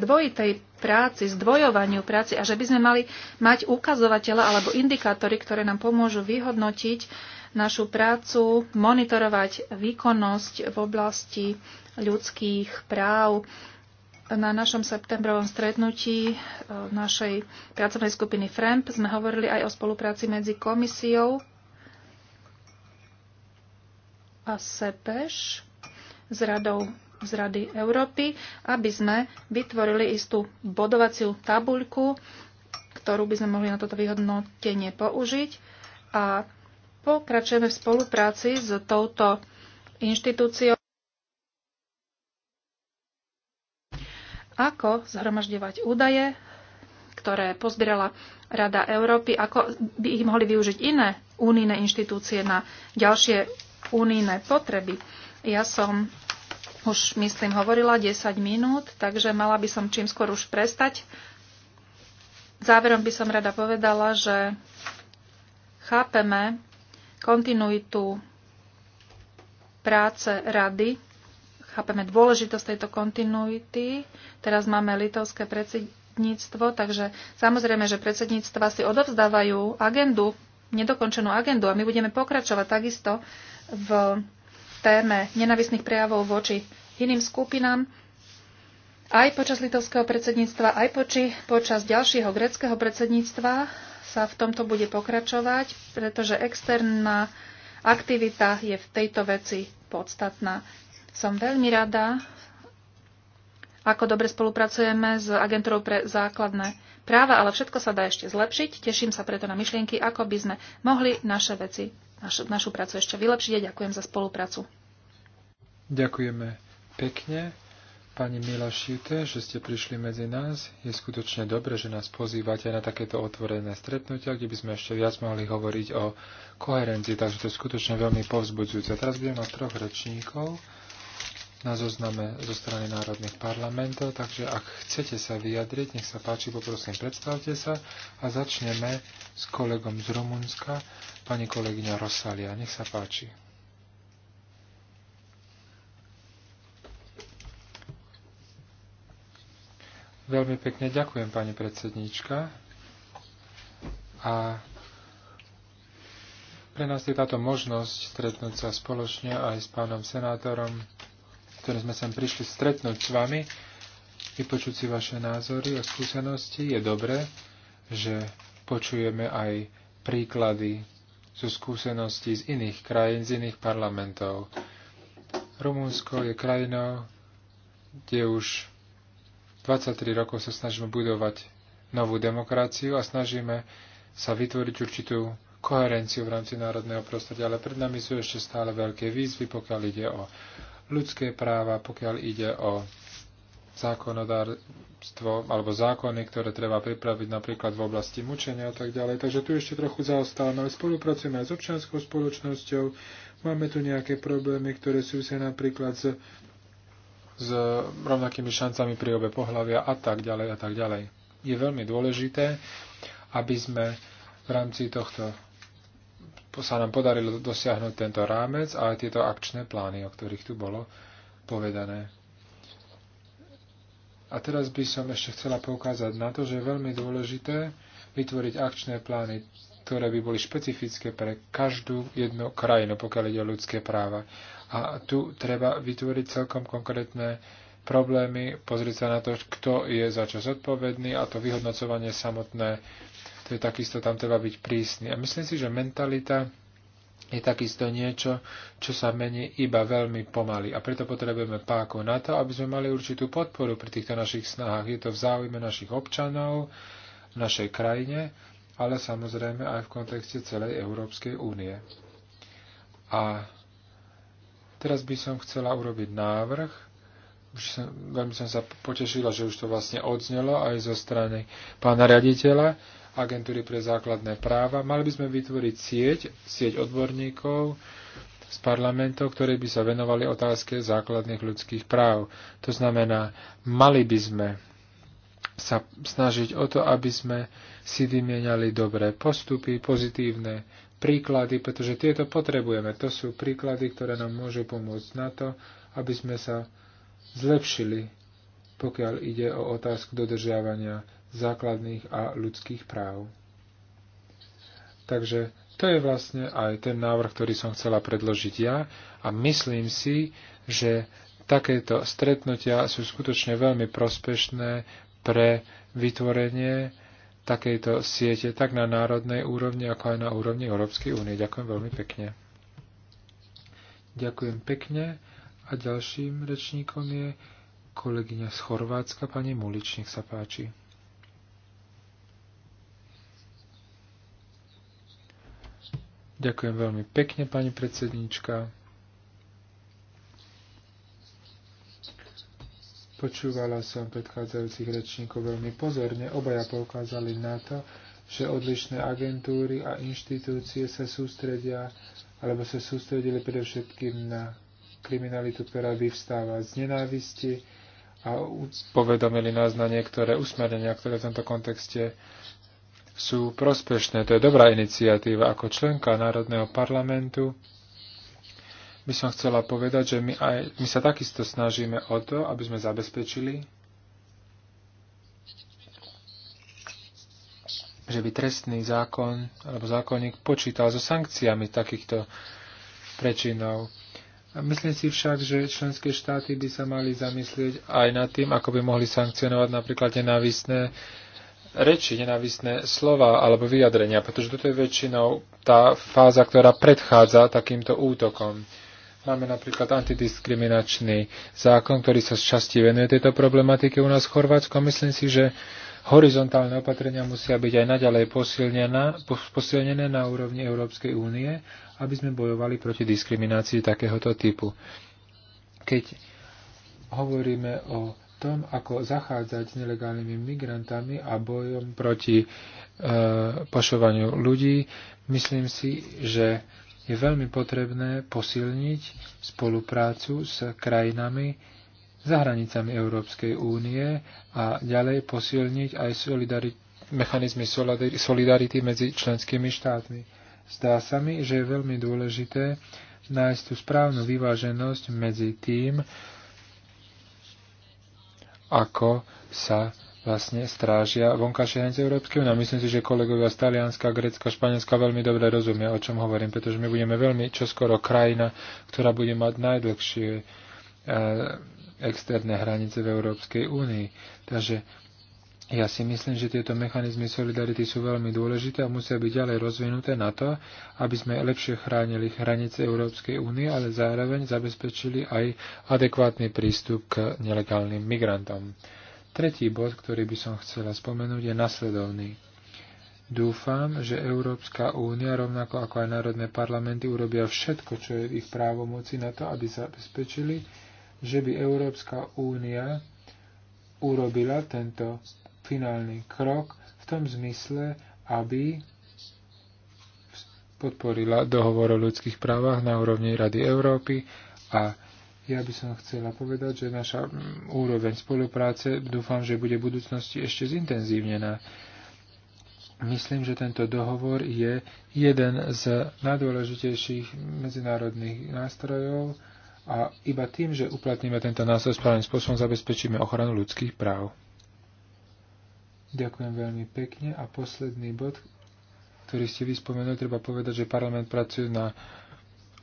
Speaker 3: dvojitej práci, zdvojovaniu práci a že by sme mali mať ukazovateľa alebo indikátory, ktoré nám pomôžu vyhodnotiť našu prácu, monitorovať výkonnosť v oblasti ľudských práv. Na našom septembrovom stretnutí e, našej pracovnej skupiny FREMP sme hovorili aj o spolupráci medzi komisiou a SEPEŠ s radou z Rady Európy, aby sme vytvorili istú bodovaciu tabuľku, ktorú by sme mohli na toto vyhodnotenie použiť. A pokračujeme v spolupráci s touto inštitúciou. Ako zhromažďovať údaje, ktoré pozbierala Rada Európy, ako by ich mohli využiť iné únijné inštitúcie na ďalšie únijné potreby ja som už, myslím, hovorila 10 minút, takže mala by som čím skôr už prestať. Záverom by som rada povedala, že chápeme kontinuitu práce rady, chápeme dôležitosť tejto kontinuity. Teraz máme litovské predsedníctvo, takže samozrejme, že predsedníctva si odovzdávajú agendu, nedokončenú agendu a my budeme pokračovať takisto v téme nenavisných prejavov voči iným skupinám, aj počas litovského predsedníctva, aj poči, počas ďalšieho greckého predsedníctva sa v tomto bude pokračovať, pretože externá aktivita je v tejto veci podstatná. Som veľmi rada, ako dobre spolupracujeme s agentúrou pre základné práva, ale všetko sa dá ešte zlepšiť. Teším sa preto na myšlienky, ako by sme mohli naše veci našu, našu prácu ešte vylepšiť a ďakujem za spoluprácu.
Speaker 1: Ďakujeme pekne. Pani Mila Šite, že ste prišli medzi nás. Je skutočne dobre, že nás pozývate na takéto otvorené stretnutia, kde by sme ešte viac mohli hovoriť o koherencii, takže to je skutočne veľmi povzbudzujúce. Teraz budeme mať troch rečníkov na zozname zo strany národných parlamentov, takže ak chcete sa vyjadriť, nech sa páči, poprosím, predstavte sa a začneme s kolegom z Rumunska, Pani kolegyňa Rosalia, nech sa páči. Veľmi pekne ďakujem, pani predsednička. A pre nás je táto možnosť stretnúť sa spoločne aj s pánom senátorom, ktorým sme sem prišli stretnúť s vami, vypočuť si vaše názory a skúsenosti. Je dobré, že počujeme aj príklady zo skúsenosti z iných krajín, z iných parlamentov. Rumunsko je krajinou, kde už 23 rokov sa snažíme budovať novú demokraciu a snažíme sa vytvoriť určitú koherenciu v rámci národného prostredia, ale pred nami sú ešte stále veľké výzvy, pokiaľ ide o ľudské práva, pokiaľ ide o zákonodárstvo alebo zákony, ktoré treba pripraviť napríklad v oblasti mučenia a tak ďalej. Takže tu ešte trochu zaostávame, ale spolupracujeme aj s občianskou spoločnosťou. Máme tu nejaké problémy, ktoré sú sa napríklad s, s rovnakými šancami pri obe pohľavia a tak ďalej a tak ďalej. Je veľmi dôležité, aby sme v rámci tohto sa nám podarilo dosiahnuť tento rámec a aj tieto akčné plány, o ktorých tu bolo povedané. A teraz by som ešte chcela poukázať na to, že je veľmi dôležité vytvoriť akčné plány, ktoré by boli špecifické pre každú jednu krajinu, pokiaľ ide o ľudské práva. A tu treba vytvoriť celkom konkrétne problémy, pozrieť sa na to, kto je za čo zodpovedný a to vyhodnocovanie samotné, to je takisto tam treba byť prísny. A myslím si, že mentalita je takisto niečo, čo sa mení iba veľmi pomaly. A preto potrebujeme páku na to, aby sme mali určitú podporu pri týchto našich snahách. Je to v záujme našich občanov, v našej krajine, ale samozrejme aj v kontexte celej Európskej únie. A teraz by som chcela urobiť návrh. Už som, veľmi som sa potešila, že už to vlastne odznelo aj zo strany pána riaditeľa agentúry pre základné práva. Mali by sme vytvoriť sieť, sieť odborníkov z parlamentov, ktorí by sa venovali otázke základných ľudských práv. To znamená, mali by sme sa snažiť o to, aby sme si vymieniali dobré postupy, pozitívne príklady, pretože tieto potrebujeme. To sú príklady, ktoré nám môžu pomôcť na to, aby sme sa zlepšili, pokiaľ ide o otázku dodržiavania základných a ľudských práv. Takže to je vlastne aj ten návrh, ktorý som chcela predložiť ja a myslím si, že takéto stretnutia sú skutočne veľmi prospešné pre vytvorenie takejto siete tak na národnej úrovni, ako aj na úrovni Európskej únie. Ďakujem veľmi pekne. Ďakujem pekne a ďalším rečníkom je kolegyňa z Chorvátska, pani Mulič, nech sa páči. Ďakujem veľmi pekne, pani predsednička. Počúvala som predchádzajúcich rečníkov veľmi pozorne. Obaja poukázali na to, že odlišné agentúry a inštitúcie sa sústredia alebo sa sústredili predovšetkým na kriminalitu, ktorá vyvstáva z nenávisti a povedomili nás na niektoré usmerenia, ktoré v tomto kontexte sú prospešné. To je dobrá iniciatíva. Ako členka Národného parlamentu by som chcela povedať, že my, aj, my sa takisto snažíme o to, aby sme zabezpečili, že by trestný zákon alebo zákonník počítal so sankciami takýchto prečinov. Myslím si však, že členské štáty by sa mali zamyslieť aj nad tým, ako by mohli sankcionovať napríklad nenávistné reči, nenávistné slova alebo vyjadrenia, pretože toto je väčšinou tá fáza, ktorá predchádza takýmto útokom. Máme napríklad antidiskriminačný zákon, ktorý sa z časti venuje tejto problematike u nás v Chorvátsku. Myslím si, že horizontálne opatrenia musia byť aj naďalej posilnené na úrovni Európskej únie, aby sme bojovali proti diskriminácii takéhoto typu. Keď hovoríme o tom, ako zachádzať s nelegálnymi migrantami a bojom proti e, pašovaniu ľudí, myslím si, že je veľmi potrebné posilniť spoluprácu s krajinami za hranicami Európskej únie a ďalej posilniť aj solidari- mechanizmy solidarity medzi členskými štátmi. Zdá sa mi, že je veľmi dôležité nájsť tú správnu vyváženosť medzi tým, ako sa vlastne strážia vonkajšie hranice Európskej únie. Myslím si, že kolegovia z Talianska, Grécka, Španielska veľmi dobre rozumia, o čom hovorím, pretože my budeme veľmi čoskoro krajina, ktorá bude mať najdlhšie e, externé hranice v Európskej únii. Takže ja si myslím, že tieto mechanizmy solidarity sú veľmi dôležité a musia byť ďalej rozvinuté na to, aby sme lepšie chránili hranice Európskej únie, ale zároveň zabezpečili aj adekvátny prístup k nelegálnym migrantom. Tretí bod, ktorý by som chcela spomenúť, je nasledovný. Dúfam, že Európska únia, rovnako ako aj národné parlamenty, urobia všetko, čo je v ich právomoci na to, aby zabezpečili, že by Európska únia urobila tento finálny krok v tom zmysle, aby podporila dohovor o ľudských právach na úrovni Rady Európy a ja by som chcela povedať, že naša mm, úroveň spolupráce dúfam, že bude v budúcnosti ešte zintenzívnená. Myslím, že tento dohovor je jeden z najdôležitejších medzinárodných nástrojov a iba tým, že uplatníme tento nástroj správnym spôsobom, zabezpečíme ochranu ľudských práv. Ďakujem veľmi pekne. A posledný bod, ktorý ste vyspomenuli, treba povedať, že parlament pracuje na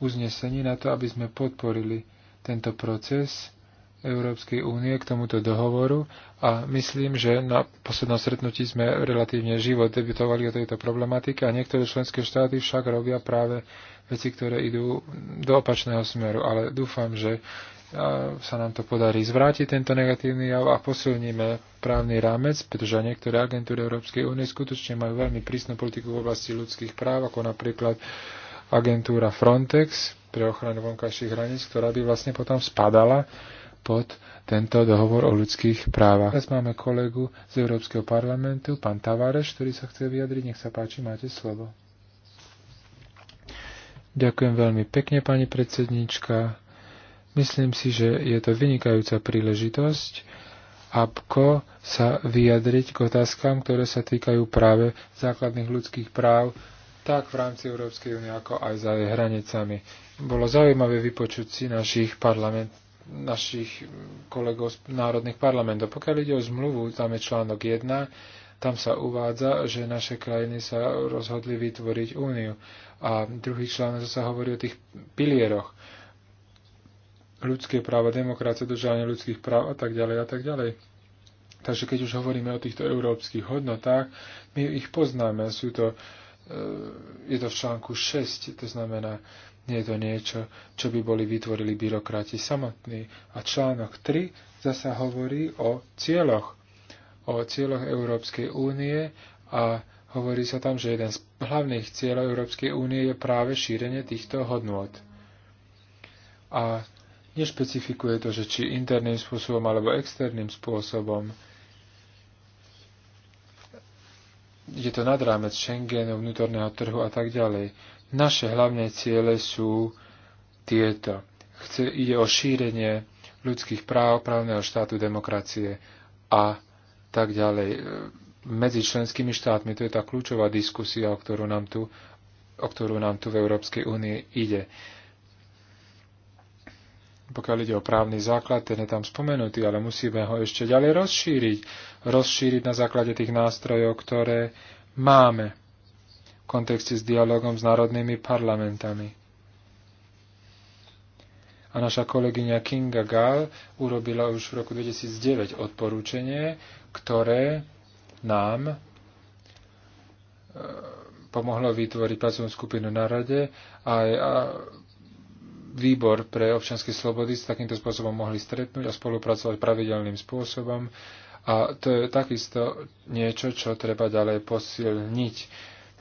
Speaker 1: uznesení na to, aby sme podporili tento proces Európskej únie k tomuto dohovoru a myslím, že na poslednom stretnutí sme relatívne živo debutovali o tejto problematike a niektoré členské štáty však robia práve veci, ktoré idú do opačného smeru, ale dúfam, že sa nám to podarí zvrátiť tento negatívny jav a posilníme právny rámec, pretože niektoré agentúry Európskej únie skutočne majú veľmi prísnu politiku v oblasti ľudských práv, ako napríklad agentúra Frontex pre ochranu vonkajších hraníc, ktorá by vlastne potom spadala pod tento dohovor o ľudských právach. Teraz máme kolegu z Európskeho parlamentu, pán Tavareš, ktorý sa chce vyjadriť. Nech sa páči, máte slovo. Ďakujem veľmi pekne, pani predsednička. Myslím si, že je to vynikajúca príležitosť abko sa vyjadriť k otázkam, ktoré sa týkajú práve základných ľudských práv, tak v rámci Európskej únie, ako aj za jej hranicami. Bolo zaujímavé vypočuť si našich parlament, našich kolegov z národných parlamentov. Pokiaľ ide o zmluvu, tam je článok 1, tam sa uvádza, že naše krajiny sa rozhodli vytvoriť úniu. A druhý článok sa hovorí o tých pilieroch ľudské práva, demokracia, dodržanie ľudských práv a tak ďalej a tak ďalej. Takže keď už hovoríme o týchto európskych hodnotách, my ich poznáme. Sú to, e, je to v článku 6, to znamená, nie je to niečo, čo by boli vytvorili byrokrati samotní. A článok 3 zasa hovorí o cieľoch, o cieľoch Európskej únie a hovorí sa tam, že jeden z hlavných cieľov Európskej únie je práve šírenie týchto hodnôt. A nešpecifikuje to, že či interným spôsobom alebo externým spôsobom. Je to nad rámec Schengenu, vnútorného trhu a tak ďalej. Naše hlavné ciele sú tieto. Chce, ide o šírenie ľudských práv, právneho štátu, demokracie a tak ďalej. Medzi členskými štátmi to je tá kľúčová diskusia, o ktorú nám tu, o ktorú nám tu v Európskej únii ide pokiaľ ide o právny základ, ten je tam spomenutý, ale musíme ho ešte ďalej rozšíriť. Rozšíriť na základe tých nástrojov, ktoré máme v kontexte s dialogom s národnými parlamentami. A naša kolegyňa Kinga Gall urobila už v roku 2009 odporúčanie, ktoré nám e, pomohlo vytvoriť pracovnú skupinu na rade a, a výbor pre občanské slobody s takýmto spôsobom mohli stretnúť a spolupracovať pravidelným spôsobom. A to je takisto niečo, čo treba ďalej posilniť.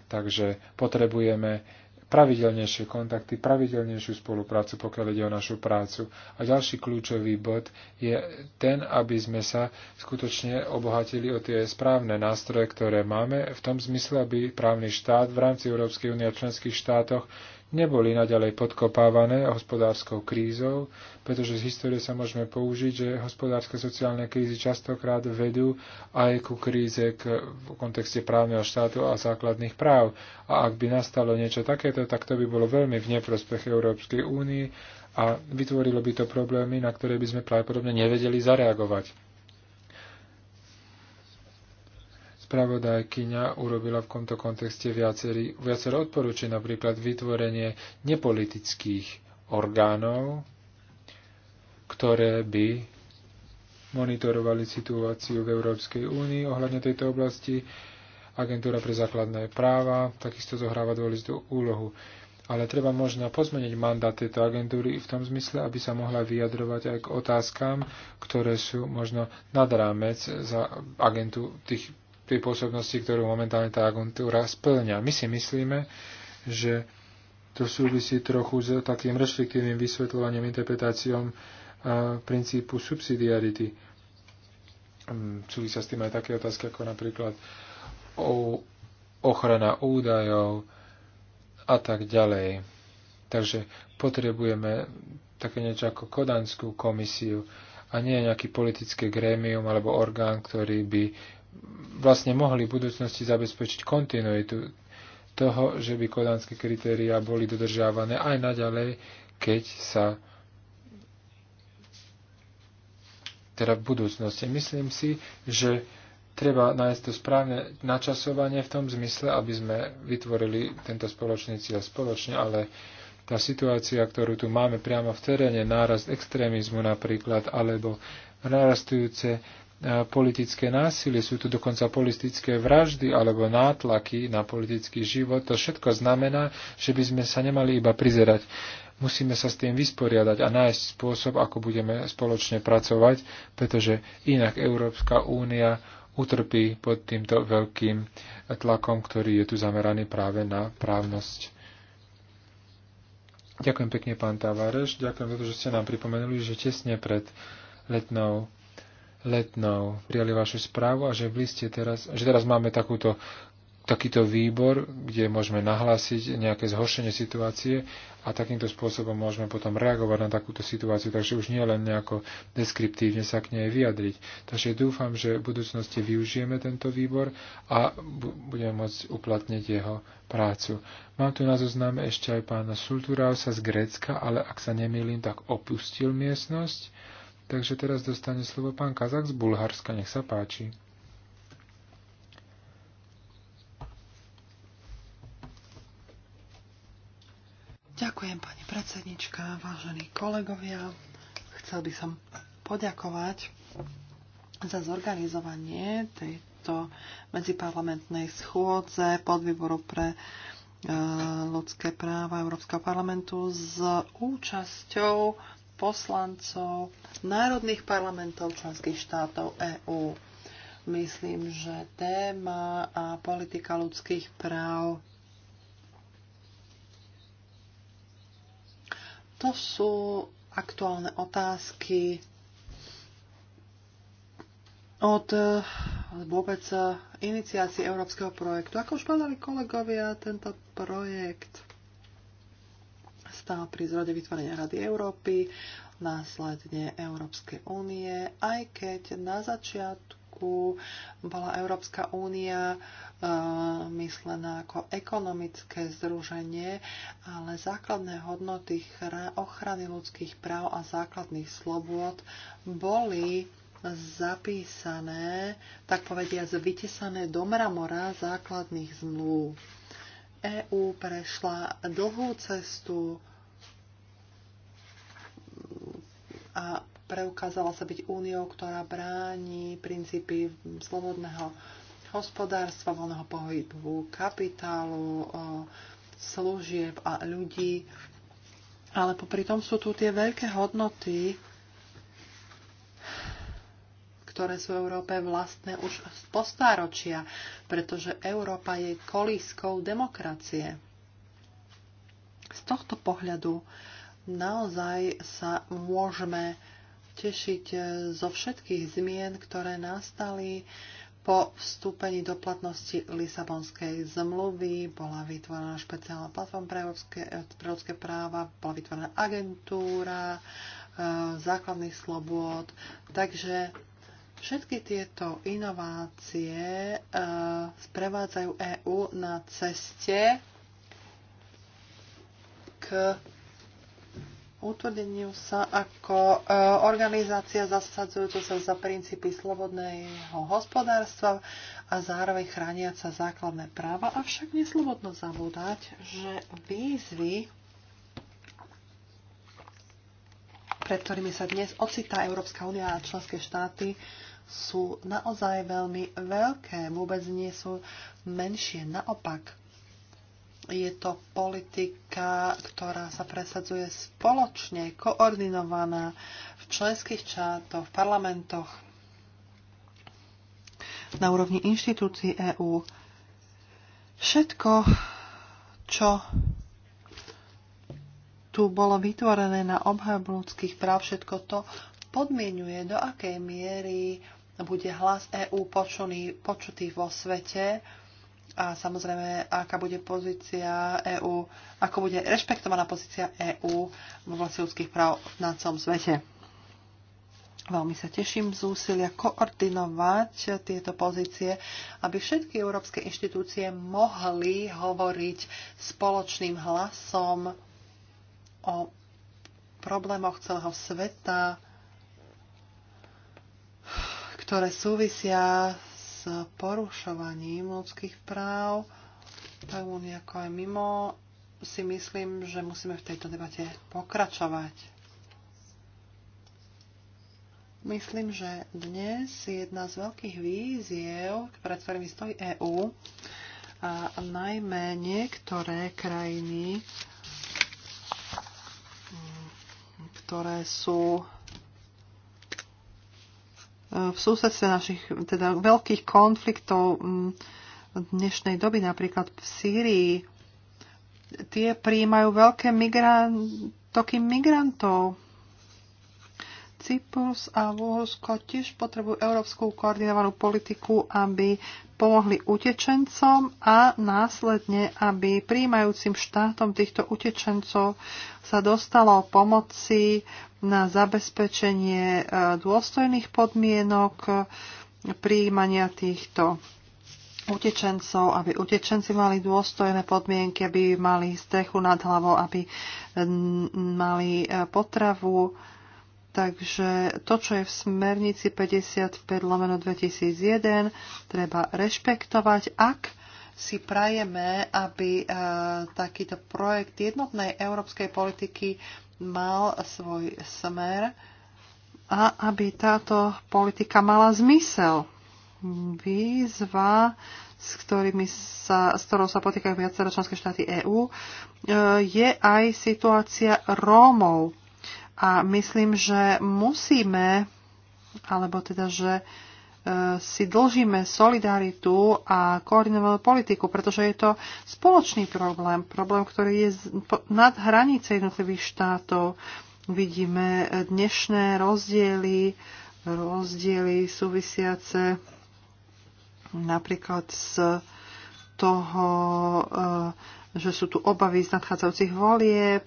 Speaker 1: Takže potrebujeme pravidelnejšie kontakty, pravidelnejšiu spoluprácu, pokiaľ ide o našu prácu. A ďalší kľúčový bod je ten, aby sme sa skutočne obohatili o tie správne nástroje, ktoré máme, v tom zmysle, aby právny štát v rámci Európskej únie a členských štátoch neboli naďalej podkopávané hospodárskou krízou, pretože z histórie sa môžeme použiť, že hospodárske sociálne krízy častokrát vedú aj ku kríze k, v kontexte právneho štátu a základných práv. A ak by nastalo niečo takéto, tak to by bolo veľmi v neprospech Európskej únii a vytvorilo by to problémy, na ktoré by sme pravdepodobne nevedeli zareagovať. spravodajkyňa urobila v tomto kontexte viacero odporúčení, napríklad vytvorenie nepolitických orgánov, ktoré by monitorovali situáciu v Európskej únii ohľadne tejto oblasti. Agentúra pre základné práva takisto zohráva dôležitú úlohu. Ale treba možno pozmeniť mandát tejto agentúry v tom zmysle, aby sa mohla vyjadrovať aj k otázkam, ktoré sú možno nad rámec za agentu, tých tej pôsobnosti, ktorú momentálne tá agentúra splňa. My si myslíme, že to súvisí trochu s takým reštriktívnym vysvetľovaním, interpretáciom princípu subsidiarity. Mm, súvisia s tým aj také otázky ako napríklad o ochrana údajov a tak ďalej. Takže potrebujeme také niečo ako kodanskú komisiu a nie nejaký politické grémium alebo orgán, ktorý by vlastne mohli v budúcnosti zabezpečiť kontinuitu toho, že by kodanské kritériá boli dodržiavané aj naďalej, keď sa teda v budúcnosti. Myslím si, že treba nájsť to správne načasovanie v tom zmysle, aby sme vytvorili tento spoločný cieľ spoločne, ale tá situácia, ktorú tu máme priamo v teréne, nárast extrémizmu napríklad, alebo narastujúce E, politické násilie, sú tu dokonca politické vraždy alebo nátlaky na politický život. To všetko znamená, že by sme sa nemali iba prizerať. Musíme sa s tým vysporiadať a nájsť spôsob, ako budeme spoločne pracovať, pretože inak Európska únia utrpí pod týmto veľkým tlakom, ktorý je tu zameraný práve na právnosť. Ďakujem pekne, pán Tavareš. Ďakujem za to, že ste nám pripomenuli, že tesne pred letnou letnou prijali vašu správu a že v liste teraz, že teraz máme takúto, takýto výbor, kde môžeme nahlásiť nejaké zhoršenie situácie a takýmto spôsobom môžeme potom reagovať na takúto situáciu, takže už nie len nejako deskriptívne sa k nej vyjadriť. Takže dúfam, že v budúcnosti využijeme tento výbor a budeme môcť uplatniť jeho prácu. Mám tu na zozname ešte aj pána Sulturausa z Grécka, ale ak sa nemýlim, tak opustil miestnosť Takže teraz dostane slovo pán Kazak z Bulharska. Nech sa páči.
Speaker 2: Ďakujem, pani predsednička, vážení kolegovia. Chcel by som poďakovať za zorganizovanie tejto medziparlamentnej schôdze podvýboru pre e, ľudské práva Európskeho parlamentu s účasťou poslancov národných parlamentov členských štátov EÚ. Myslím, že téma a politika ľudských práv to sú aktuálne otázky od vôbec iniciácie európskeho projektu. Ako už povedali kolegovia, tento projekt nastal pri zrode vytvorenia Rady Európy, následne Európskej únie, aj keď na začiatku bola Európska únia e, myslená ako ekonomické združenie, ale základné hodnoty ochrany ľudských práv a základných slobôd boli zapísané, tak povediať, vytesané do mramora základných zmluv. EÚ prešla dlhú cestu a preukázala sa byť úniou, ktorá bráni princípy slobodného hospodárstva, voľného pohybu kapitálu, služieb a ľudí. Ale popri tom sú tu tie veľké hodnoty, ktoré sú Európe vlastné už z postáročia, pretože Európa je kolískou demokracie. Z tohto pohľadu uh, naozaj sa môžeme tešiť e, zo všetkých zmien, ktoré nastali po vstúpení do platnosti Lisabonskej zmluvy. Bola vytvorená špeciálna platforma pre európske, e, pre európske práva, bola vytvorená agentúra e, základných slobôd. Takže všetky tieto inovácie sprevádzajú EÚ na ceste k utvrdeniu sa ako e, organizácia zasadzujúca sa za princípy slobodného hospodárstva a zároveň chrániaca základné práva. Avšak neslobodno zabúdať, že výzvy, pred ktorými sa dnes ocitá Európska únia a členské štáty, sú naozaj veľmi veľké, vôbec nie sú menšie. Naopak, je to politika, ktorá sa presadzuje spoločne, koordinovaná v členských čátoch, v parlamentoch, na úrovni inštitúcií EÚ. Všetko, čo tu bolo vytvorené na obhajobu ľudských práv, všetko to podmienuje, do akej miery bude hlas EÚ počutý, počutý vo svete, a samozrejme, aká bude pozícia EÚ, ako bude rešpektovaná pozícia EÚ v oblasti ľudských práv na celom svete. Veľmi sa teším z úsilia koordinovať tieto pozície, aby všetky európske inštitúcie mohli hovoriť spoločným hlasom o problémoch celého sveta, ktoré súvisia s porušovaním ľudských práv, tak ako aj mimo, si myslím, že musíme v tejto debate pokračovať. Myslím, že dnes jedna z veľkých víziev, pred ktorými stojí EÚ, a najmä niektoré krajiny, ktoré sú v susedstve našich teda veľkých konfliktov mm, dnešnej doby, napríklad v Sýrii, tie prijímajú veľké migrant, toky migrantov. Cyprus a Vôľsko tiež potrebujú európsku koordinovanú politiku, aby pomohli utečencom a následne, aby príjmajúcim štátom týchto utečencov sa dostalo pomoci na zabezpečenie e, dôstojných podmienok e, príjmania týchto utečencov, aby utečenci mali dôstojné podmienky, aby mali strechu nad hlavou, aby mali e, potravu, Takže to, čo je v smernici 55 lomeno 2001, treba rešpektovať, ak si prajeme, aby e, takýto projekt jednotnej európskej politiky mal svoj smer a aby táto politika mala zmysel. Výzva, s, ktorými sa, s ktorou sa potýkajú viaceré členské štáty EÚ, e, je aj situácia Rómov a myslím, že musíme, alebo teda, že e, si dlžíme solidaritu a koordinovanú politiku, pretože je to spoločný problém, problém, ktorý je nad hranice jednotlivých štátov. Vidíme dnešné rozdiely, rozdiely súvisiace napríklad z toho, e, že sú tu obavy z nadchádzajúcich volieb,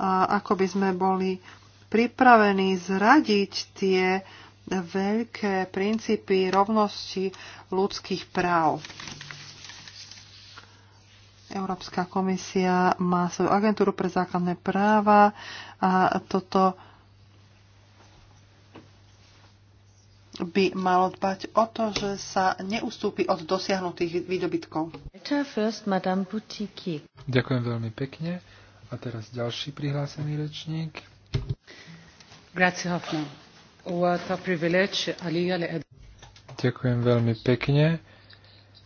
Speaker 2: a ako by sme boli pripravení zradiť tie veľké princípy rovnosti ľudských práv. Európska komisia má svoju agentúru pre základné práva a toto by malo dbať o to, že sa neustúpi od dosiahnutých výdobytkov.
Speaker 1: Ďakujem veľmi pekne. A teraz ďalší prihlásený rečník.
Speaker 2: Grazie Hoffman. What a privilege, Alia Le
Speaker 1: Ďakujem veľmi pekne.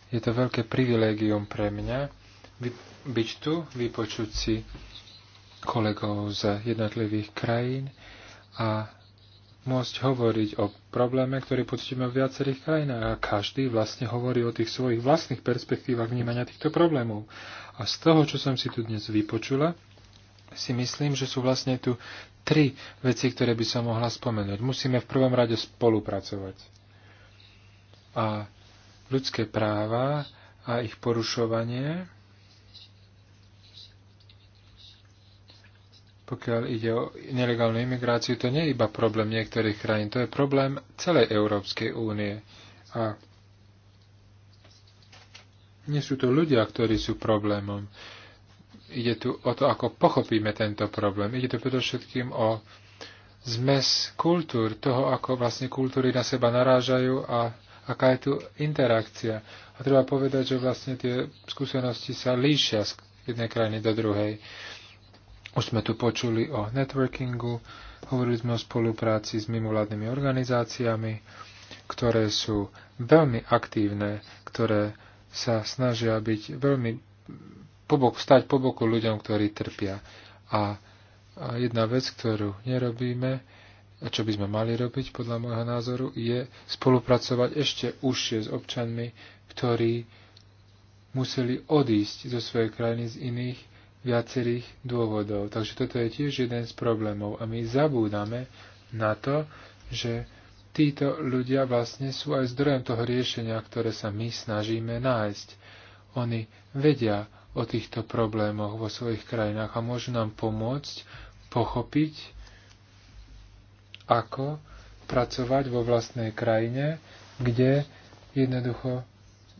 Speaker 1: Je to veľké privilégium pre mňa byť tu, vypočuť si kolegov z jednotlivých krajín a môcť hovoriť o probléme, ktorý pocitíme v viacerých krajinách a každý vlastne hovorí o tých svojich vlastných perspektívach vnímania týchto problémov. A z toho, čo som si tu dnes vypočula, si myslím, že sú vlastne tu tri veci, ktoré by som mohla spomenúť. Musíme v prvom rade spolupracovať. A ľudské práva a ich porušovanie, pokiaľ ide o nelegálnu imigráciu, to nie je iba problém niektorých krajín, to je problém celej Európskej únie. A nie sú to ľudia, ktorí sú problémom ide tu o to, ako pochopíme tento problém. Ide tu predovšetkým o zmes kultúr, toho, ako vlastne kultúry na seba narážajú a aká je tu interakcia. A treba povedať, že vlastne tie skúsenosti sa líšia z jednej krajiny do druhej. Už sme tu počuli o networkingu, hovorili sme o spolupráci s mimovládnymi organizáciami, ktoré sú veľmi aktívne, ktoré sa snažia byť veľmi pobok, stať po boku ľuďom, ktorí trpia. A, a jedna vec, ktorú nerobíme, a čo by sme mali robiť, podľa môjho názoru, je spolupracovať ešte užšie s občanmi, ktorí museli odísť zo svojej krajiny z iných viacerých dôvodov. Takže toto je tiež jeden z problémov. A my zabúdame na to, že títo ľudia vlastne sú aj zdrojom toho riešenia, ktoré sa my snažíme nájsť. Oni vedia, o týchto problémoch vo svojich krajinách a môžu nám pomôcť pochopiť, ako pracovať vo vlastnej krajine, kde jednoducho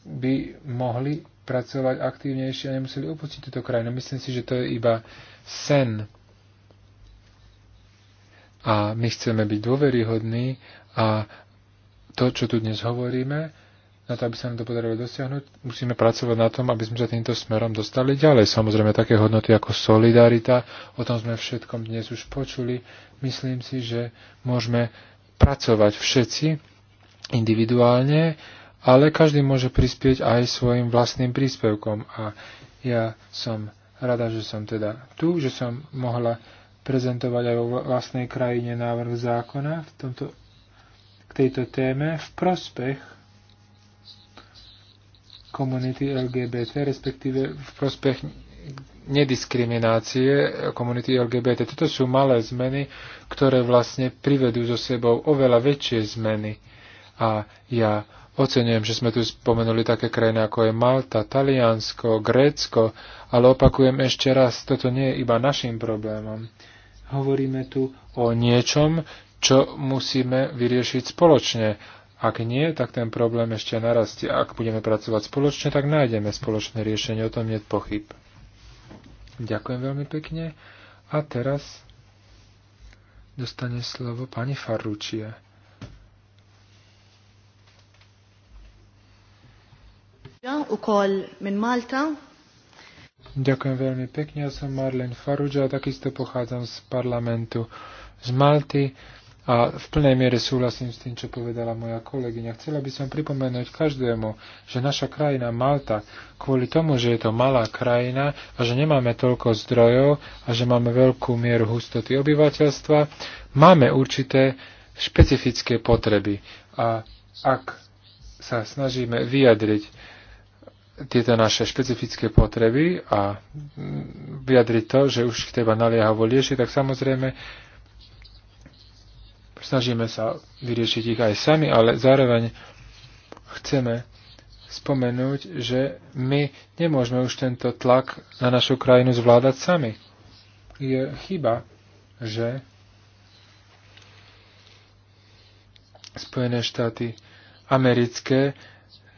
Speaker 1: by mohli pracovať aktívnejšie a nemuseli opustiť túto krajinu. Myslím si, že to je iba sen. A my chceme byť dôveryhodní a to, čo tu dnes hovoríme, na to, aby sa nám to podarilo dosiahnuť, musíme pracovať na tom, aby sme sa týmto smerom dostali ďalej. Samozrejme, také hodnoty ako solidarita, o tom sme všetkom dnes už počuli. Myslím si, že môžeme pracovať všetci individuálne, ale každý môže prispieť aj svojim vlastným príspevkom. A ja som rada, že som teda tu, že som mohla prezentovať aj vo vlastnej krajine návrh zákona v tomto, k tejto téme v prospech komunity LGBT, respektíve v prospech nediskriminácie komunity LGBT. Toto sú malé zmeny, ktoré vlastne privedú so sebou oveľa väčšie zmeny. A ja ocenujem, že sme tu spomenuli také krajiny ako je Malta, Taliansko, Grécko, ale opakujem ešte raz, toto nie je iba našim problémom. Hovoríme tu o niečom, čo musíme vyriešiť spoločne ak nie, tak ten problém ešte narastie. Ak budeme pracovať spoločne, tak nájdeme spoločné riešenie, o tom nie je pochyb. Ďakujem veľmi pekne. A teraz dostane slovo pani Farručie. Ďakujem veľmi pekne, ja som Marlen a takisto pochádzam z parlamentu z Malty a v plnej miere súhlasím s tým, čo povedala moja kolegyňa. Chcela by som pripomenúť každému, že naša krajina Malta, kvôli tomu, že je to malá krajina a že nemáme toľko zdrojov a že máme veľkú mieru hustoty obyvateľstva, máme určité špecifické potreby. A ak sa snažíme vyjadriť tieto naše špecifické potreby a vyjadriť to, že už treba naliehavo liešiť, tak samozrejme snažíme sa vyriešiť ich aj sami, ale zároveň chceme spomenúť, že my nemôžeme už tento tlak na našu krajinu zvládať sami. Je chyba, že Spojené štáty americké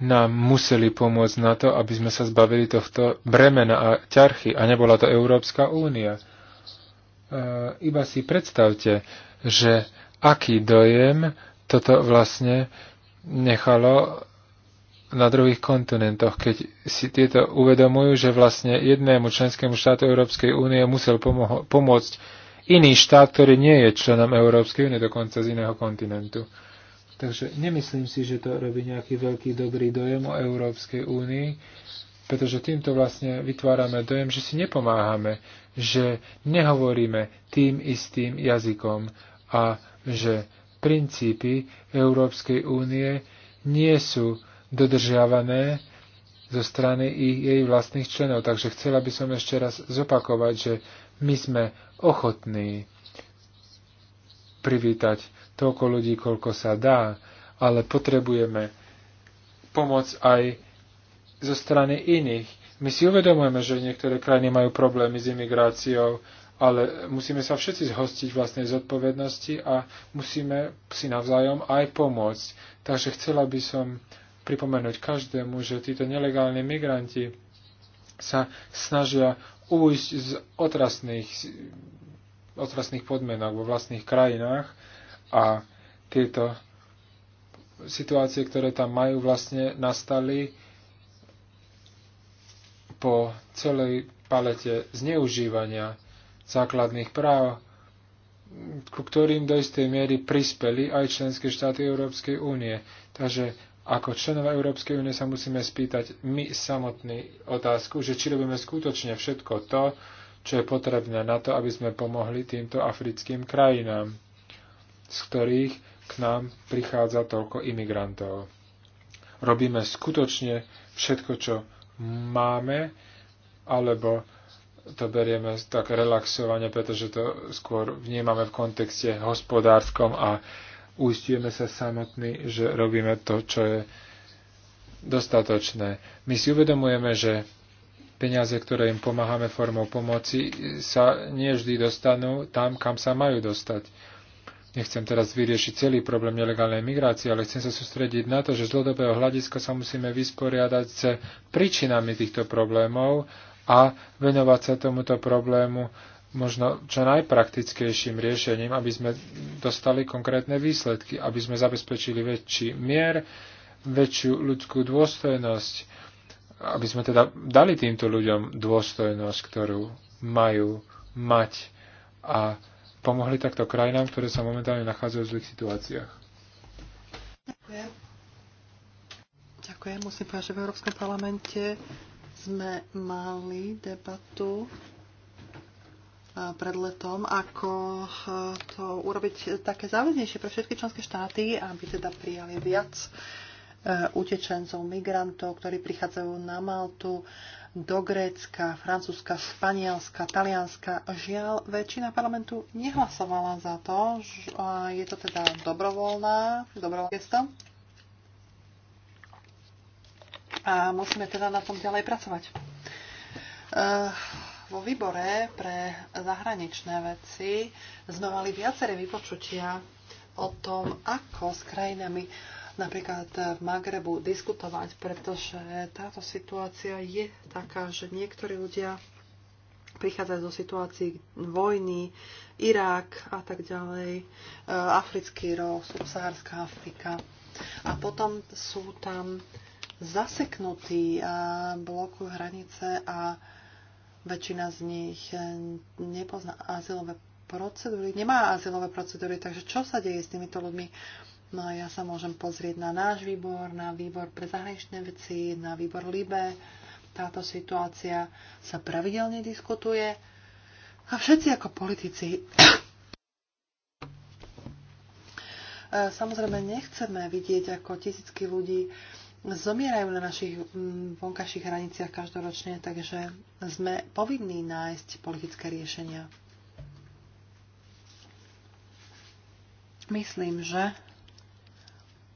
Speaker 1: nám museli pomôcť na to, aby sme sa zbavili tohto bremena a ťarchy. A nebola to Európska únia. E, iba si predstavte, že aký dojem toto vlastne nechalo na druhých kontinentoch, keď si tieto uvedomujú, že vlastne jednému členskému štátu Európskej únie musel pomôcť iný štát, ktorý nie je členom Európskej únie, dokonca z iného kontinentu. Takže nemyslím si, že to robí nejaký veľký dobrý dojem o Európskej únii, pretože týmto vlastne vytvárame dojem, že si nepomáhame, že nehovoríme tým istým jazykom a že princípy Európskej únie nie sú dodržiavané zo strany ich, jej vlastných členov. Takže chcela by som ešte raz zopakovať, že my sme ochotní privítať toľko ľudí, koľko sa dá, ale potrebujeme pomoc aj zo strany iných. My si uvedomujeme, že niektoré krajiny majú problémy s imigráciou, ale musíme sa všetci zhostiť vlastnej zodpovednosti a musíme si navzájom aj pomôcť. Takže chcela by som pripomenúť každému, že títo nelegálni migranti sa snažia újsť z otrasných, otrasných podmienok vo vlastných krajinách a tieto situácie, ktoré tam majú, vlastne nastali po celej palete zneužívania základných práv, ku ktorým do istej miery prispeli aj členské štáty Európskej únie. Takže ako členov Európskej únie sa musíme spýtať my samotný otázku, že či robíme skutočne všetko to, čo je potrebné na to, aby sme pomohli týmto africkým krajinám, z ktorých k nám prichádza toľko imigrantov. Robíme skutočne všetko, čo máme, alebo to berieme tak relaxovane, pretože to skôr vnímame v kontexte hospodárskom a ústujeme sa samotný, že robíme to, čo je dostatočné. My si uvedomujeme, že peniaze, ktoré im pomáhame formou pomoci, sa nie vždy dostanú tam, kam sa majú dostať. Nechcem teraz vyriešiť celý problém nelegálnej migrácie, ale chcem sa sústrediť na to, že z dlhodobého hľadiska sa musíme vysporiadať s príčinami týchto problémov a venovať sa tomuto problému možno čo najpraktickejším riešením, aby sme dostali konkrétne výsledky, aby sme zabezpečili väčší mier, väčšiu ľudskú dôstojnosť, aby sme teda dali týmto ľuďom dôstojnosť, ktorú majú mať a pomohli takto krajinám, ktoré sa momentálne nachádzajú v zlých situáciách. Ďakujem.
Speaker 2: Ďakujem. Musím povedať, že v Európskom parlamente sme mali debatu pred letom, ako to urobiť také záväznejšie pre všetky členské štáty, aby teda prijali viac e, utečencov, migrantov, ktorí prichádzajú na Maltu, do Grécka, Francúzska, Španielska, Talianska. Žiaľ, väčšina parlamentu nehlasovala za to, je to teda dobrovoľná, dobrovoľná gesta a musíme teda na tom ďalej pracovať. E, vo výbore pre zahraničné veci sme mali viaceré vypočutia o tom, ako s krajinami napríklad v Magrebu diskutovať, pretože táto situácia je taká, že niektorí ľudia prichádzajú do situácií vojny, Irák a tak ďalej, e, africký roh, subsahárska Afrika. A potom sú tam zaseknutí a eh, blokujú hranice a väčšina z nich eh, nepozná azylové procedúry, nemá azylové procedúry, takže čo sa deje s týmito ľuďmi? No ja sa môžem pozrieť na náš výbor, na výbor pre zahraničné veci, na výbor LIBE. Táto situácia sa pravidelne diskutuje a všetci ako politici eh, samozrejme nechceme vidieť, ako tisícky ľudí zomierajú na našich mm, vonkajších hraniciach každoročne, takže sme povinní nájsť politické riešenia. Myslím, že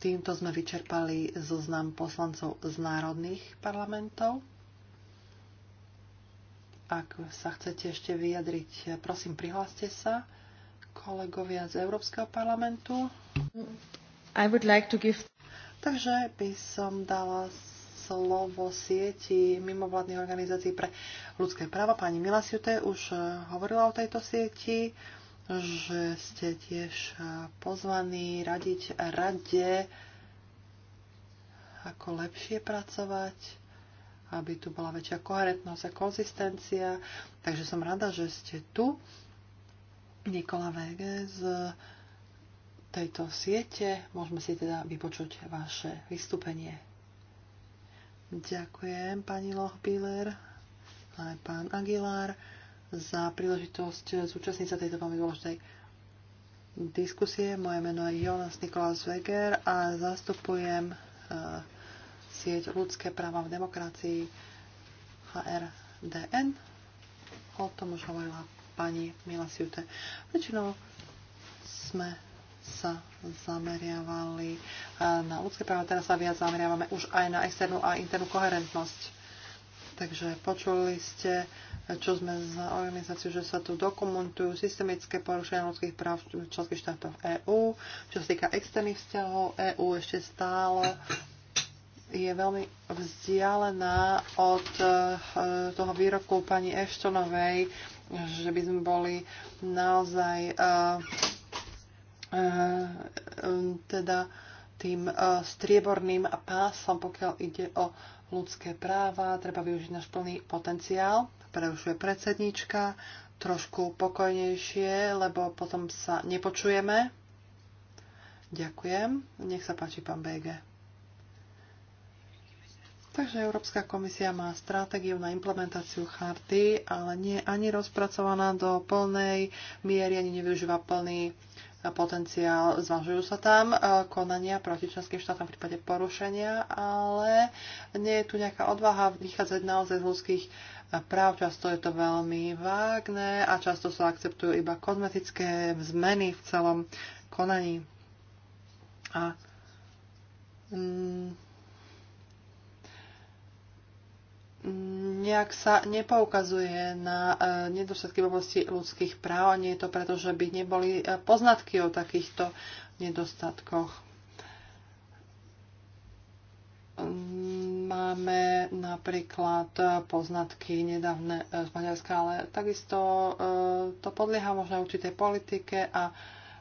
Speaker 2: týmto sme vyčerpali zoznam poslancov z národných parlamentov. Ak sa chcete ešte vyjadriť, prosím, prihláste sa kolegovia z Európskeho parlamentu. I would like to give... Takže by som dala slovo sieti mimovládnych organizácií pre ľudské práva. Pani Milasiute už eh, hovorila o tejto sieti, že ste tiež eh, pozvaní radiť rade, ako lepšie pracovať, aby tu bola väčšia koherentnosť a konzistencia. Takže som rada, že ste tu. Nikola Vege z tejto siete. Môžeme si teda vypočuť vaše vystúpenie. Ďakujem pani Lochbiller, aj pán Aguilar za príležitosť zúčastniť sa tejto veľmi dôležitej diskusie. Moje meno je Jonas Nikolaus Weger a zastupujem uh, sieť ľudské práva v demokracii HRDN. O tom už hovorila pani Mila Siute. Väčšinou sme sa zameriavali eh, na ľudské práva, teraz sa viac zameriavame už aj na externú a internú koherentnosť. Takže počuli ste, eh, čo sme za organizáciu, že sa tu dokumentujú systemické porušenia ľudských práv v členských štátoch EÚ. Čo sa týka externých vzťahov, EÚ ešte stále je veľmi vzdialená od eh, toho výroku pani Eštonovej, že by sme boli naozaj uh, E, teda tým e, strieborným pásom, pokiaľ ide o ľudské práva, treba využiť náš plný potenciál, prerušuje predsednička, trošku pokojnejšie, lebo potom sa nepočujeme. Ďakujem. Nech sa páči, pán BG. Takže Európska komisia má stratégiu na implementáciu charty, ale nie je ani rozpracovaná do plnej miery, ani nevyužíva plný potenciál, zvažujú sa tam e, konania proti členským štátom v prípade porušenia, ale nie je tu nejaká odvaha vychádzať naozaj z ľudských e, práv. Často je to veľmi vágne a často sa akceptujú iba kozmetické zmeny v celom konaní. A mm, nejak sa nepoukazuje na e, nedostatky v oblasti ľudských práv a nie je to preto, že by neboli e, poznatky o takýchto nedostatkoch. Máme napríklad poznatky nedávne z Maďarska, ale takisto e, to podlieha možno určitej politike a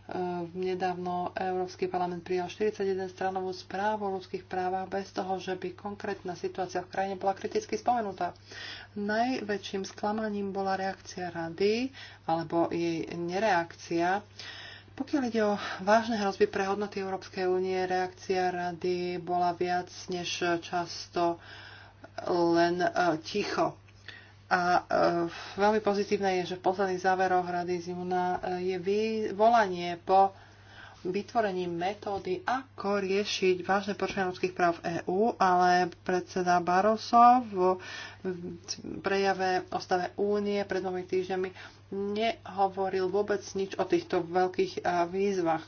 Speaker 2: E, nedávno Európsky parlament prijal 41 stranovú správu o ľudských právach bez toho, že by konkrétna situácia v krajine bola kriticky spomenutá. Najväčším sklamaním bola reakcia rady alebo jej nereakcia. Pokiaľ ide o vážne hrozby pre hodnoty Európskej únie, reakcia rady bola viac než často len e, ticho a e, veľmi pozitívne je, že v posledných záveroch Rady Zimuna e, je je volanie po vytvorení metódy, ako riešiť vážne porušenie ľudských práv v EÚ, ale predseda Barroso v prejave o stave únie pred dvomi týždňami nehovoril vôbec nič o týchto veľkých e, výzvach.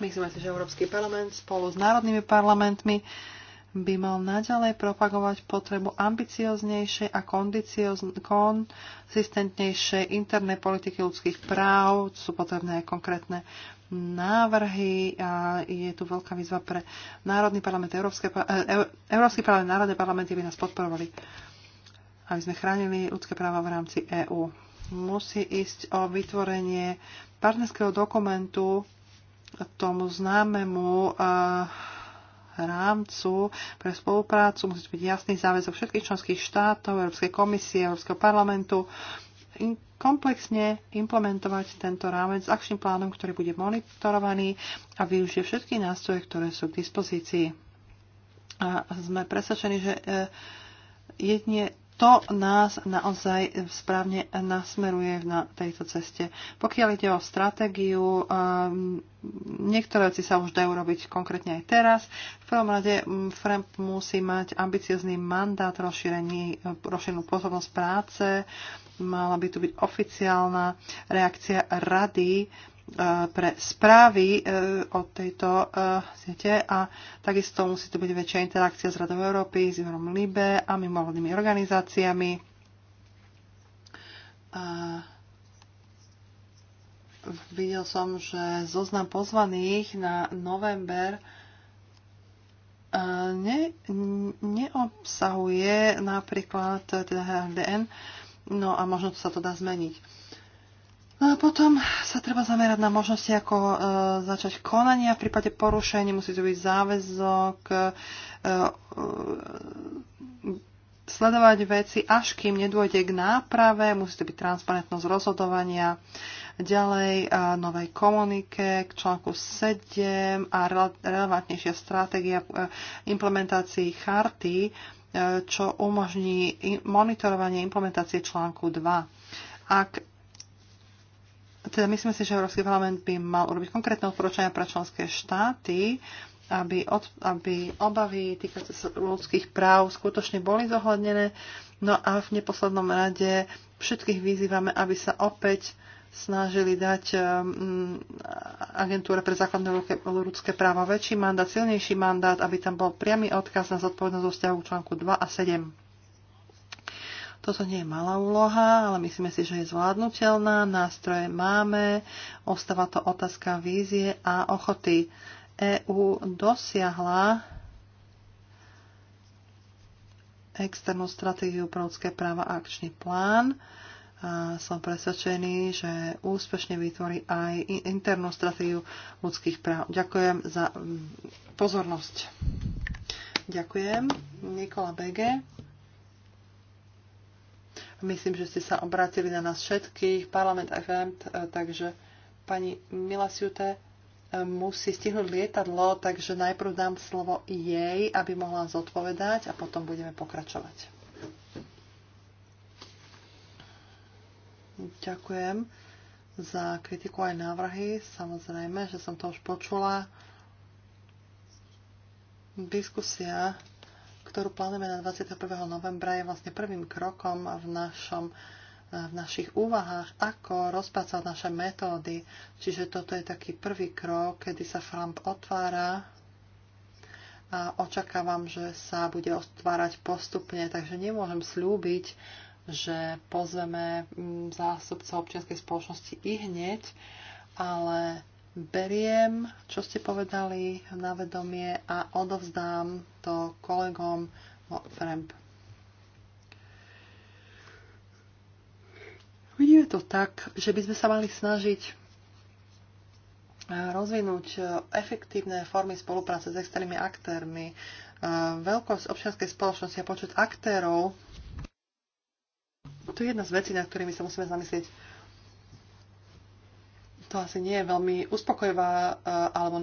Speaker 2: Myslíme si, že Európsky parlament spolu s národnými parlamentmi uh, by mal naďalej propagovať potrebu ambicioznejšej a konzistentnejšej internej politiky ľudských práv. Sú potrebné aj konkrétne návrhy a je tu veľká výzva pre Národný parlament, Európske, e, Európsky parlament, Národné parlamenty by nás podporovali, aby sme chránili ľudské práva v rámci EÚ. Musí ísť o vytvorenie partnerského dokumentu tomu známemu uh, rámcu pre spoluprácu musí byť jasný záväzok všetkých členských štátov, Európskej komisie, Európskeho parlamentu komplexne implementovať tento rámec s akčným plánom, ktorý bude monitorovaný a využije všetky nástroje, ktoré sú k dispozícii. A sme presvedčení, že eh, jedne to nás naozaj správne nasmeruje na tejto ceste. Pokiaľ ide o stratégiu, ehm, niektoré veci sa už dajú robiť konkrétne aj teraz. V prvom rade mm, FREMP musí mať ambiciozný mandát rozšírení, rozšírenú pôsobnosť práce, mala by tu byť oficiálna reakcia rady E, pre správy e, od tejto e, siete a takisto musí tu byť väčšia interakcia s Radou Európy, s Ivorom Libe a mimovládnymi organizáciami. A videl som, že zoznam pozvaných na november ne, neobsahuje napríklad teda HDN, no a možno sa to dá zmeniť. No a potom sa treba zamerať na možnosti, ako e, začať konania v prípade porušení. Musí to byť záväzok, e, e, sledovať veci, až kým nedôjde k náprave. Musí to byť transparentnosť rozhodovania. Ďalej e, novej komunike k článku 7 a relevantnejšia stratégia e, implementácii charty, e, čo umožní monitorovanie implementácie článku 2. Ak teda myslím si, že Európsky parlament by mal urobiť konkrétne odporúčania pre členské štáty, aby, od, aby obavy týkajúce sa ľudských práv skutočne boli zohľadnené. No a v neposlednom rade všetkých vyzývame, aby sa opäť snažili dať um, agentúre pre základné ľudské práva väčší mandát, silnejší mandát, aby tam bol priamy odkaz na zodpovednosť vzťahu článku 2 a 7. Toto nie je malá úloha, ale myslíme si, že je zvládnutelná. Nástroje máme, ostáva to otázka vízie a ochoty. EÚ dosiahla externú stratégiu pro ľudské práva a akčný plán. A som presvedčený, že úspešne vytvorí aj internú stratégiu ľudských práv. Ďakujem za mm, pozornosť. Ďakujem. Nikola Bege. Myslím, že ste sa obrátili na nás všetkých, parlament a grant, e, takže pani Milasiute e, musí stihnúť lietadlo, takže najprv dám slovo jej, aby mohla zodpovedať a potom budeme pokračovať. Ďakujem za kritiku aj návrhy. Samozrejme, že som to už počula. Diskusia ktorú plánujeme na 21. novembra, je vlastne prvým krokom v, našom, v našich úvahách, ako rozpracovať naše metódy. Čiže toto je taký prvý krok, kedy sa Framp otvára a očakávam, že sa bude otvárať postupne, takže nemôžem slúbiť, že pozveme mm, zástupcov občianskej spoločnosti i hneď, ale beriem, čo ste povedali na vedomie a odovzdám to kolegom vo FREMP. Vidíme to tak, že by sme sa mali snažiť rozvinúť efektívne formy spolupráce s externými aktérmi. Veľkosť občianskej spoločnosti a počet aktérov to je jedna z vecí, na ktorými sa musíme zamyslieť to asi nie je veľmi uspokojivá eh, alebo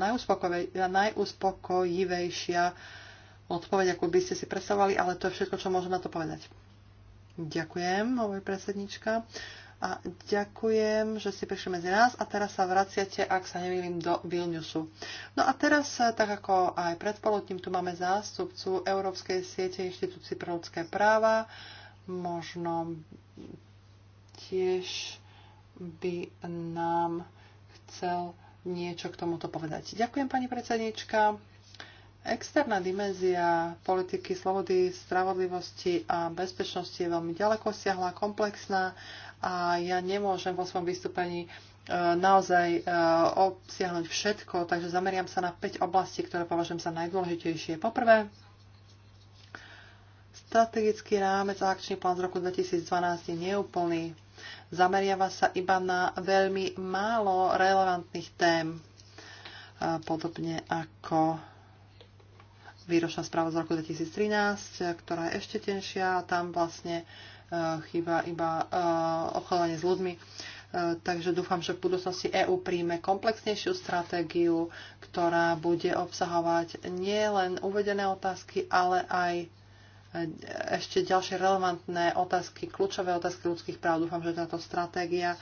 Speaker 2: najuspokojivejšia odpoveď, ako by ste si predstavovali, ale to je všetko, čo môžem na to povedať. Ďakujem, hovorí predsednička. A ďakujem, že ste prišli medzi nás a teraz sa vraciate, ak sa nemýlim, do Vilniusu. No a teraz, eh, tak ako aj predpoludním, tu máme zástupcu Európskej siete inštitúcií pre ľudské práva. Možno tiež by nám chcel niečo k tomuto povedať. Ďakujem, pani predsednička. Externá dimenzia politiky slobody, spravodlivosti a bezpečnosti je veľmi ďaleko siahla, komplexná a ja nemôžem vo svojom vystúpení e, naozaj e, obsiahnuť všetko, takže zameriam sa na 5 oblastí, ktoré považujem za najdôležitejšie. Poprvé, strategický rámec a akčný plán z roku 2012 je neúplný. Zameriava sa iba na veľmi málo relevantných tém, podobne ako výročná správa z roku 2013, ktorá je ešte tenšia a tam vlastne e, chýba iba e, obchodovanie s ľuďmi. E, takže dúfam, že v budúcnosti EÚ príjme komplexnejšiu stratégiu, ktorá bude obsahovať nielen uvedené otázky, ale aj ešte ďalšie relevantné otázky, kľúčové otázky ľudských práv. Dúfam, že táto stratégia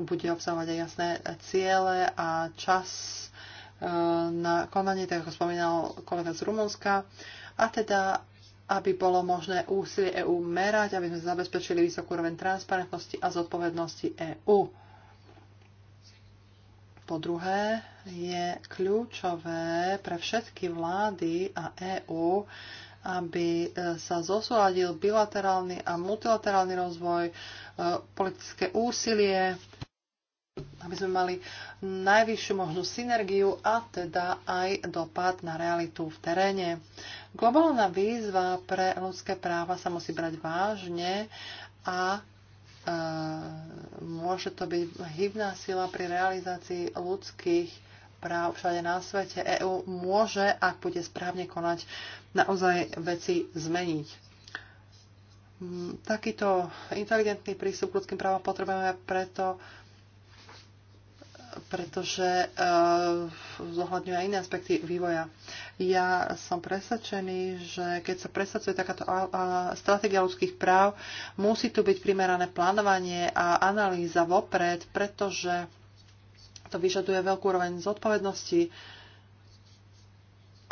Speaker 2: bude obsahovať aj jasné ciele a čas e, na konanie, tak ako spomínal kolega z Rumunska. A teda, aby bolo možné úsilie EÚ merať, aby sme zabezpečili vysokú úroveň transparentnosti a zodpovednosti EÚ. Po druhé, je kľúčové pre všetky vlády a EÚ, aby eh, sa zosúladil bilaterálny a multilaterálny rozvoj, eh, politické úsilie, aby sme mali najvyššiu možnú synergiu a teda aj dopad na realitu v teréne. Globálna výzva pre ľudské práva sa musí brať vážne a eh, môže to byť hybná sila pri realizácii ľudských práv všade na svete. EÚ môže, ak bude správne konať, naozaj veci zmeniť. Mm, takýto inteligentný prístup k ľudským právom potrebujeme preto, pretože e, zohľadňuje iné aspekty vývoja. Ja som presvedčený, že keď sa presadzuje takáto uh, stratégia ľudských práv, musí tu byť primerané plánovanie a analýza vopred, pretože to vyžaduje veľkú úroveň zodpovednosti,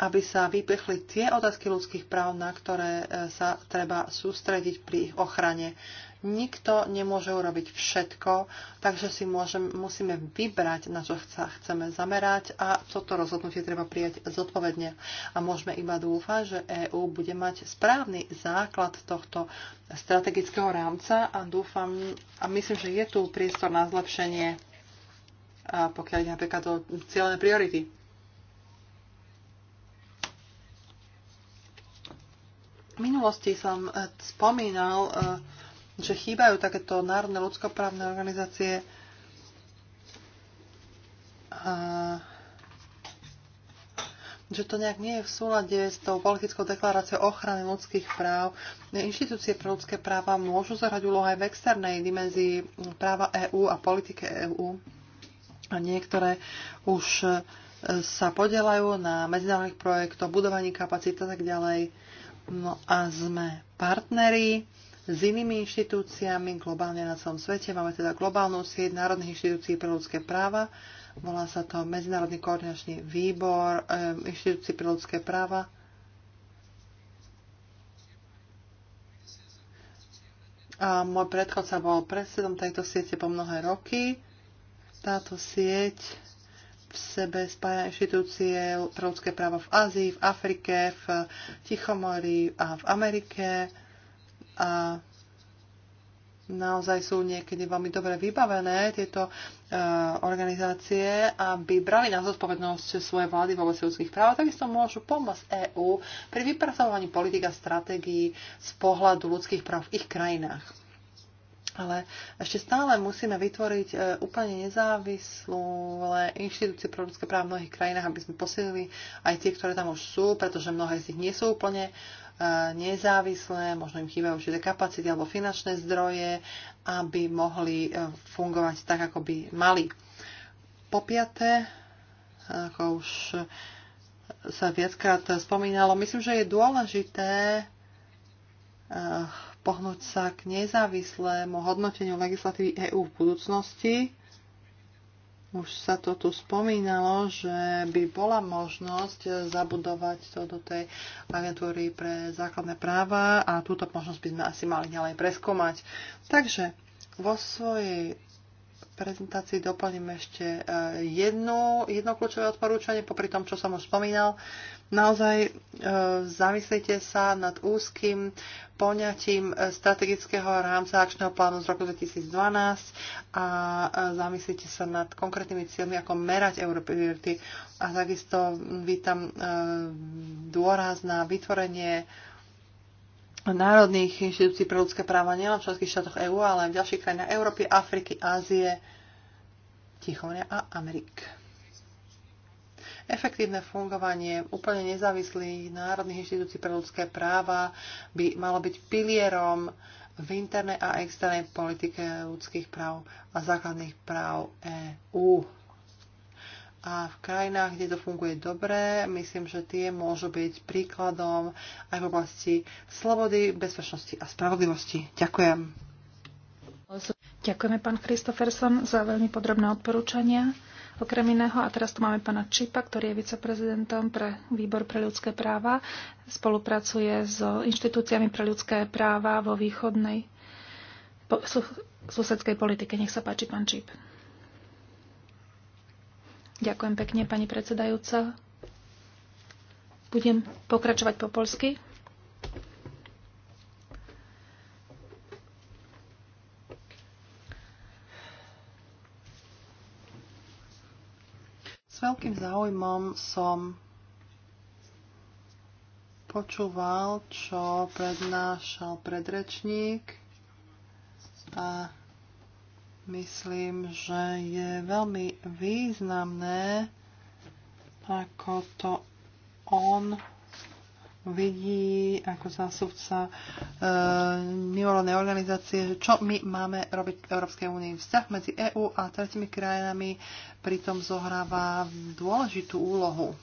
Speaker 2: aby sa vypichli tie otázky ľudských práv, na ktoré e, sa treba sústrediť pri ich ochrane. Nikto nemôže urobiť všetko, takže si môžem, musíme vybrať, na čo sa chceme zamerať a toto rozhodnutie treba prijať zodpovedne. A môžeme iba dúfať, že EÚ bude mať správny základ tohto strategického rámca a dúfam a myslím, že je tu priestor na zlepšenie a pokiaľ ide napríklad o cieľené priority. V minulosti som eh, spomínal, eh, že chýbajú takéto národné ľudskoprávne organizácie. A že to nejak nie je v súlade s tou politickou deklaráciou ochrany ľudských práv. Inštitúcie pre ľudské práva môžu zahrať úlohu aj v externej dimenzii práva EÚ a politike EÚ a niektoré už e, sa podielajú na medzinárodných projektoch, budovaní kapacít a tak ďalej. No a sme partneri s inými inštitúciami globálne na celom svete. Máme teda globálnu sieť národných inštitúcií pre ľudské práva. Volá sa to Medzinárodný koordinačný výbor eh, inštitúcií pre ľudské práva. A môj predchodca bol predsedom tejto siete po mnohé roky táto sieť v sebe spája inštitúcie pre ľudské práva v Ázii, v Afrike, v Tichomorí a v Amerike. A naozaj sú niekedy veľmi dobre vybavené tieto e, organizácie, aby brali na zodpovednosť svoje vlády v oblasti ľudských práv. Takisto môžu pomôcť EÚ pri vypracovaní politik a stratégií z pohľadu ľudských práv v ich krajinách. Ale ešte stále musíme vytvoriť e, úplne nezávislú inštitúcie pro ľudské práva v mnohých krajinách, aby sme posilili aj tie, ktoré tam už sú, pretože mnohé z nich nie sú úplne e, nezávislé, možno im chýbajú určité kapacity alebo finančné zdroje, aby mohli e, fungovať tak, ako by mali. Po piaté, ako už sa viackrát spomínalo, myslím, že je dôležité pohnúť sa k nezávislému hodnoteniu legislatívy EÚ v budúcnosti. Už sa to tu spomínalo, že by bola možnosť zabudovať to do tej agentúry pre základné práva a túto možnosť by sme asi mali ďalej preskúmať. Takže vo svojej prezentácii doplním ešte eh, jedno, jedno kľúčové odporúčanie, popri tom, čo som už spomínal. Naozaj eh, zamyslite sa nad úzkým poňatím eh, strategického rámca akčného plánu z roku 2012 a zamyslite sa nad konkrétnymi cieľmi, ako merať priority. A takisto mm, vítam dôraz na vytvorenie národných inštitúcií pre ľudské práva nielen v členských štátoch EÚ, ale aj v ďalších krajinách Európy, Afriky, Ázie, Tichomoria a Amerik. Efektívne fungovanie úplne nezávislých národných inštitúcií pre ľudské práva by malo byť pilierom v internej a externej politike ľudských práv a základných práv EÚ. A v krajinách, kde to funguje dobre, myslím, že tie môžu byť príkladom aj v oblasti slobody, bezpečnosti a spravodlivosti. Ďakujem.
Speaker 3: Ďakujeme, pán Kristofferson za veľmi podrobné odporúčania. Okrem iného, a teraz tu máme pána Čipa, ktorý je viceprezidentom pre Výbor pre ľudské práva. Spolupracuje s inštitúciami pre ľudské práva vo východnej po, susedskej politike. Nech sa páči, pán Čip. Ďakujem pekne, pani predsedajúca. Budem pokračovať po polsky.
Speaker 2: S veľkým záujmom som počúval, čo prednášal predrečník a Myslím, že je veľmi významné, ako to on vidí ako zásuvca e, mimovládnej organizácie, čo my máme robiť v Európskej únii. Vzťah medzi EÚ a tretimi krajinami pritom zohráva dôležitú úlohu.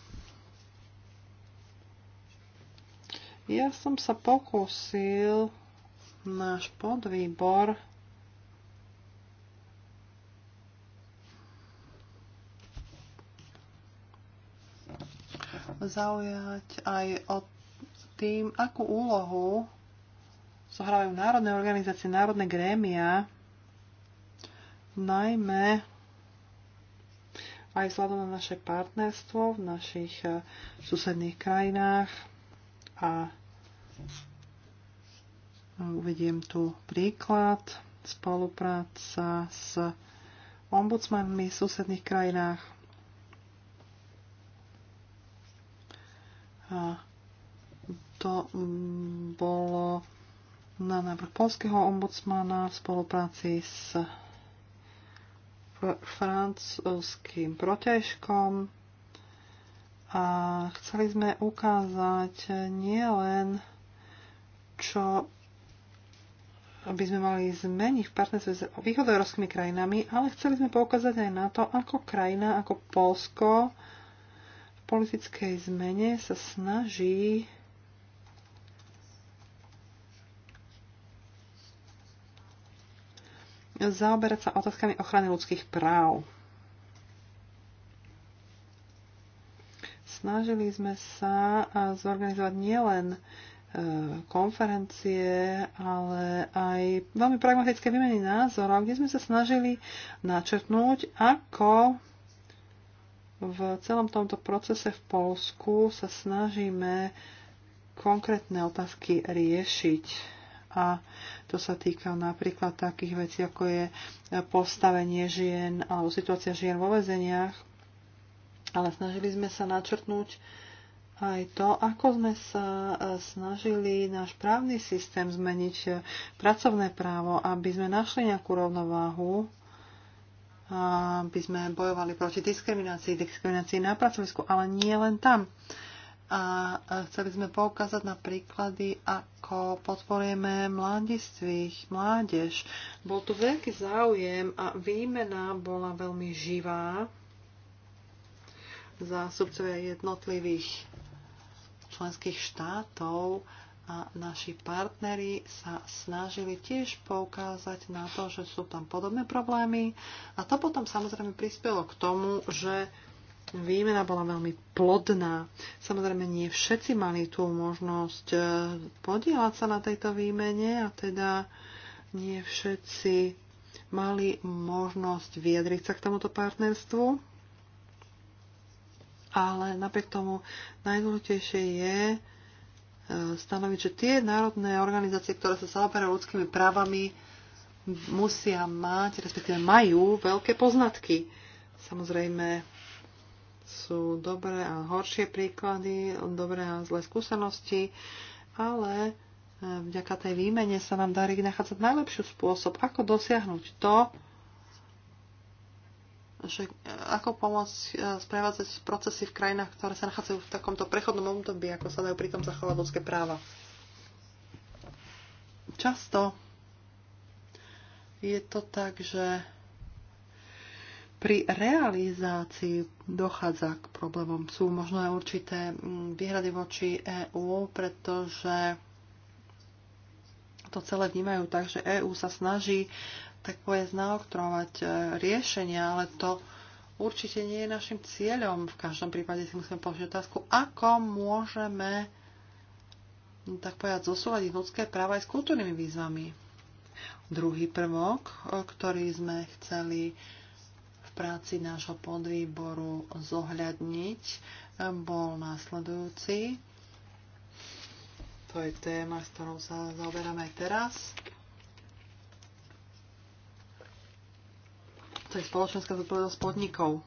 Speaker 2: Ja som sa pokúsil náš podvýbor zaujať aj o tým, akú úlohu zohrávajú národné organizácie, národné grémia, najmä aj vzhľadom na naše partnerstvo v našich eh, susedných krajinách a uvediem tu príklad spolupráca s ombudsmanmi v susedných krajinách To mm, bolo na návrh polského ombudsmana v spolupráci s francúzským protežkom a chceli sme ukázať nielen, čo by sme mali zmeniť v partnerstve s východoeurópskymi krajinami, ale chceli sme poukázať aj na to, ako krajina, ako Polsko, politickej zmene sa snaží zaoberať sa otázkami ochrany ľudských práv. Snažili sme sa zorganizovať nielen e, konferencie, ale aj veľmi pragmatické výmeny názorov, kde sme sa snažili načrtnúť, ako v celom tomto procese v Polsku sa snažíme konkrétne otázky riešiť. A to sa týka napríklad takých vecí, ako je postavenie žien alebo situácia žien vo väzeniach. Ale snažili sme sa načrtnúť aj to, ako sme sa e, snažili náš právny systém zmeniť e, pracovné právo, aby sme našli nejakú rovnováhu by sme bojovali proti diskriminácii, diskriminácii na pracovisku, ale nie len tam. A chceli sme poukázať na príklady, ako podporujeme mladistvých, mládež. Bol tu veľký záujem a výmena bola veľmi živá. Zástupcovia jednotlivých členských štátov a naši partneri sa snažili tiež poukázať na to, že sú tam podobné problémy a to potom samozrejme prispelo k tomu, že výmena bola veľmi plodná. Samozrejme, nie všetci mali tú možnosť e, podielať sa na tejto výmene a teda nie všetci mali možnosť vyjadriť sa k tomuto partnerstvu. Ale napriek tomu najdôležitejšie je, stanoviť, že tie národné organizácie, ktoré sa zaoberajú ľudskými právami, musia mať, respektíve majú veľké poznatky. Samozrejme sú dobré a horšie príklady, dobré a zlé skúsenosti, ale e, vďaka tej výmene sa nám darí nachádzať najlepší spôsob, ako dosiahnuť to, že e, ako pomôcť e, sprevádzať procesy v krajinách, ktoré sa nachádzajú v takomto prechodnom období, ako sa dajú pritom zachovať ľudské práva. Často je to tak, že pri realizácii dochádza k problémom. Sú možno aj určité mm, výhrady voči EÚ, pretože to celé vnímajú tak, že EÚ sa snaží tak povedať naoktrolovať e, riešenia, ale to určite nie je našim cieľom. V každom prípade si musíme položiť otázku, ako môžeme no tak povedať zosúľadiť ľudské práva aj s kultúrnymi výzvami. Druhý prvok, e, ktorý sme chceli v práci nášho podvýboru zohľadniť, e, bol následujúci. To je téma, s ktorou sa zaoberáme aj teraz To je spoločenská zodpovednosť podnikov.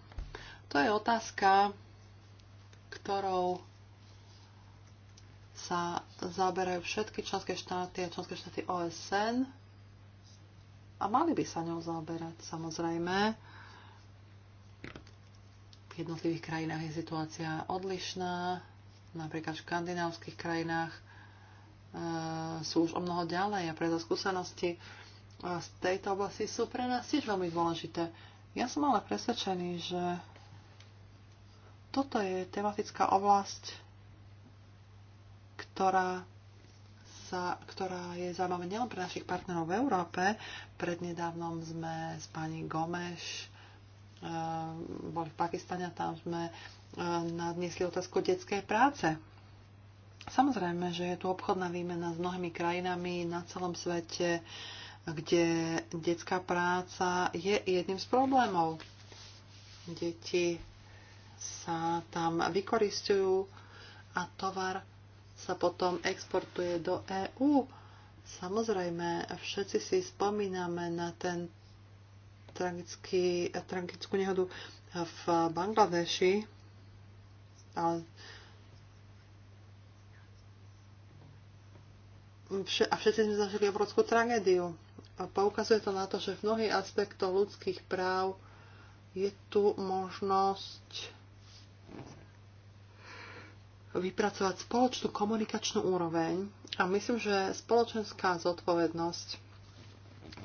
Speaker 2: To je otázka, ktorou sa zaberajú všetky členské štáty a členské štáty OSN a mali by sa ňou zaoberať samozrejme. V jednotlivých krajinách je situácia odlišná, napríklad v škandinávskych krajinách e, sú už o mnoho ďalej a pre skúsenosti z tejto oblasti sú pre nás tiež veľmi dôležité. Ja som ale presvedčený, že toto je tematická oblasť, ktorá, sa, ktorá je zaujímavá nielen pre našich partnerov v Európe. Prednedávnom sme s pani Gomeš eh, boli v Pakistane a tam sme eh, nadniesli otázku detskej práce. Samozrejme, že je tu obchodná výmena s mnohými krajinami na celom svete. Uh, kde detská práca je jedným z problémov. Deti sa tam vykoristujú a tovar sa potom exportuje do EÚ. Samozrejme, všetci si spomíname na ten tragický, tragickú nehodu v Bangladeši, ale a všetci sme zažili obrovskú tragédiu. A poukazuje to na to, že v mnohých aspektoch ľudských práv je tu možnosť vypracovať spoločnú komunikačnú úroveň a myslím, že spoločenská zodpovednosť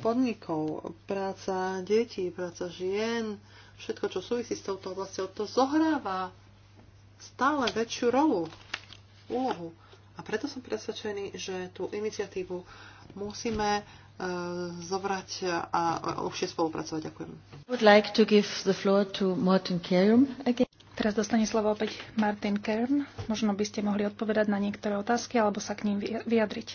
Speaker 2: podnikov, práca detí, práca žien, všetko, čo súvisí s touto oblasťou, to zohráva stále väčšiu rolu, úlohu. A preto som presvedčený, že tú iniciatívu musíme Eh, zobrať a lepšie spolupracovať. Ďakujem. Would like to give the floor to Martin again.
Speaker 3: Teraz dostane slovo opäť Martin Kern. Možno by ste mohli odpovedať na niektoré otázky alebo sa k ním vyjadriť.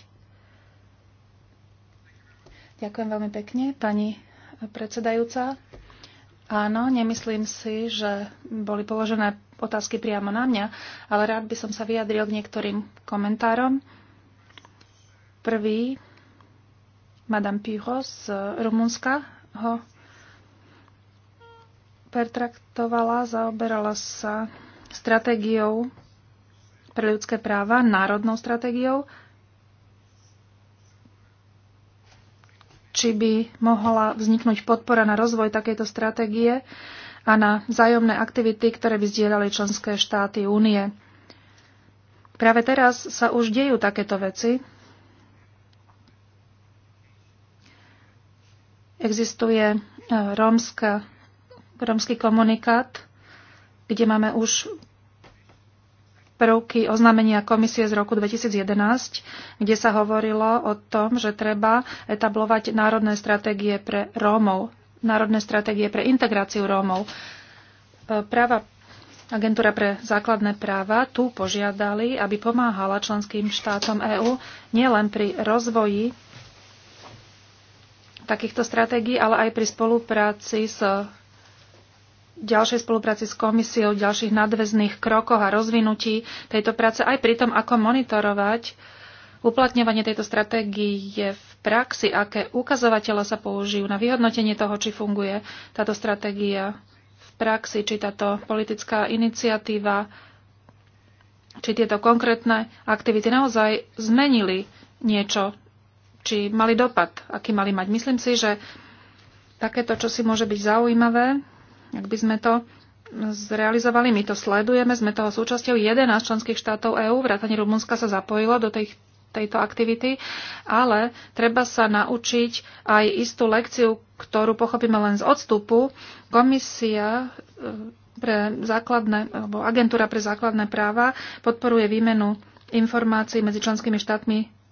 Speaker 3: Ďakujem veľmi pekne, pani predsedajúca. Áno, nemyslím si, že boli položené otázky priamo na mňa, ale rád by som sa vyjadril k niektorým komentárom. Prvý Madame Piro z e, Rumunska ho pertraktovala, zaoberala sa stratégiou pre ľudské práva, národnou stratégiou, či by mohla vzniknúť podpora na rozvoj takejto stratégie a na vzájomné aktivity, ktoré by zdieľali členské štáty únie. Práve teraz sa už dejú takéto veci. Existuje e, rómska, rómsky komunikát, kde máme už prvky oznámenia komisie z roku 2011, kde sa hovorilo o tom, že treba etablovať národné stratégie pre Rómov, národné stratégie pre integráciu Rómov. E, práva Agentúra pre základné práva tu požiadali, aby pomáhala členským štátom EÚ nielen pri rozvoji takýchto stratégií, ale aj pri spolupráci s ďalšej spolupráci s komisiou, ďalších nadväzných krokoch a rozvinutí tejto práce, aj pri tom, ako monitorovať uplatňovanie tejto stratégie v praxi, aké ukazovatele sa použijú na vyhodnotenie toho, či funguje táto stratégia v praxi, či táto politická iniciatíva, či tieto konkrétne aktivity naozaj zmenili niečo či mali dopad, aký mali mať. Myslím si, že takéto čosi môže byť zaujímavé, ak by sme to zrealizovali. My to sledujeme, sme toho súčasťou 11 členských štátov EÚ, vrátanie Rumunska sa zapojilo do tej, tejto aktivity, ale treba sa naučiť aj istú lekciu, ktorú pochopíme len z odstupu. Komisia e, pre základné, alebo agentúra pre základné práva podporuje výmenu informácií medzi členskými štátmi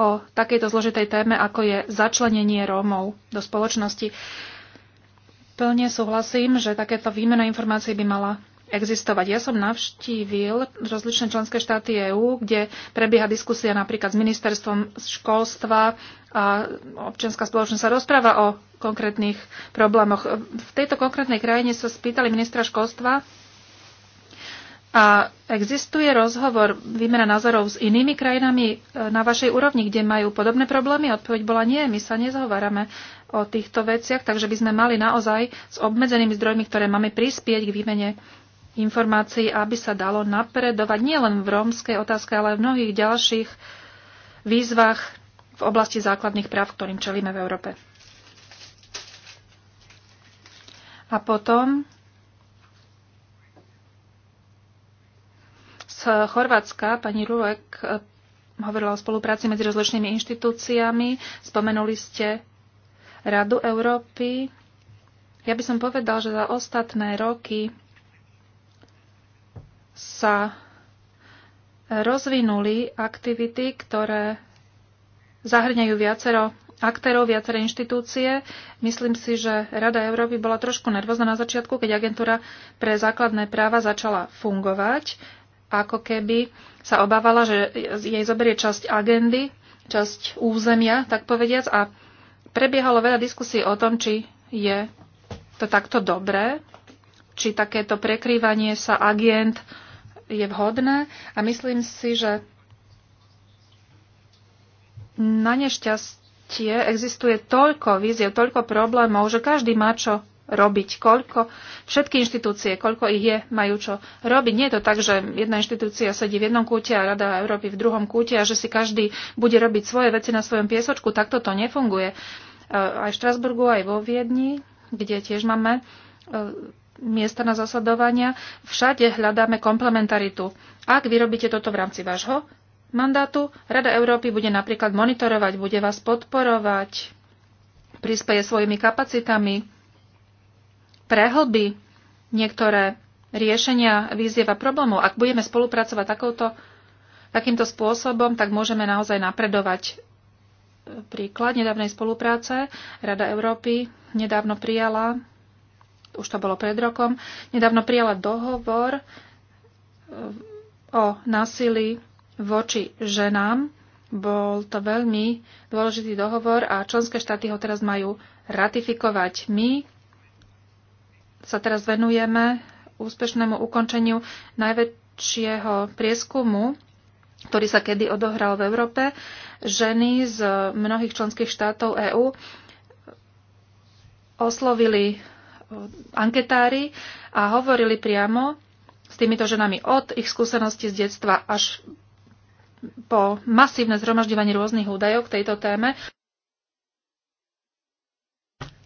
Speaker 3: o takejto zložitej téme, ako je začlenenie Rómov do spoločnosti. Plne súhlasím, že takéto výmena informácií by mala existovať. Ja som navštívil rozličné členské štáty EÚ, kde prebieha diskusia napríklad s ministerstvom školstva a občianská spoločnosť sa rozpráva o konkrétnych problémoch. V tejto konkrétnej krajine sa spýtali ministra školstva, a existuje rozhovor, výmena názorov s inými krajinami e, na vašej úrovni, kde majú podobné problémy? Odpoveď bola nie, my sa nezhovárame o týchto veciach, takže by sme mali naozaj s obmedzenými zdrojmi, ktoré máme prispieť k výmene informácií, aby sa dalo napredovať nielen v rómskej otázke, ale aj v mnohých ďalších výzvach v oblasti základných práv, ktorým čelíme v Európe. A potom z Chorvátska, pani Ruek, hovorila o spolupráci medzi rozličnými inštitúciami. Spomenuli ste Radu Európy. Ja by som povedal, že za ostatné roky sa rozvinuli aktivity, ktoré zahrňajú viacero aktérov, viaceré inštitúcie. Myslím si, že Rada Európy bola trošku nervózna na začiatku, keď agentúra pre základné práva začala fungovať ako keby sa obávala, že jej zoberie časť agendy, časť územia, tak povediac, a prebiehalo veľa diskusí o tom, či je to takto dobré, či takéto prekrývanie sa agent je vhodné a myslím si, že na nešťastie existuje toľko vízie, toľko problémov, že každý má čo robiť, koľko všetky inštitúcie, koľko ich je, majú čo robiť. Nie je to tak, že jedna inštitúcia sedí v jednom kúte a Rada Európy v druhom kúte a že si každý bude robiť svoje veci na svojom piesočku. Takto to nefunguje. E, aj v Štrasburgu, aj vo Viedni, kde tiež máme e, miesta na zasadovania, všade hľadáme komplementaritu. Ak vyrobíte toto v rámci vášho mandátu, Rada Európy bude napríklad monitorovať, bude vás podporovať, prispieje svojimi kapacitami, prehlby niektoré riešenia výzieva problémov. Ak budeme spolupracovať takouto, takýmto spôsobom, tak môžeme naozaj napredovať. Príklad nedávnej spolupráce Rada Európy nedávno prijala, už to bolo pred rokom, nedávno prijala dohovor eh, o násilí voči ženám. Bol to veľmi dôležitý dohovor a členské štáty ho teraz majú ratifikovať. My sa teraz venujeme úspešnému ukončeniu najväčšieho prieskumu, ktorý sa kedy odohral v Európe. Ženy z mnohých členských štátov EÚ oslovili e, anketári a hovorili priamo s týmito ženami od ich skúseností z detstva až po masívne zhromažďovanie rôznych údajov k tejto téme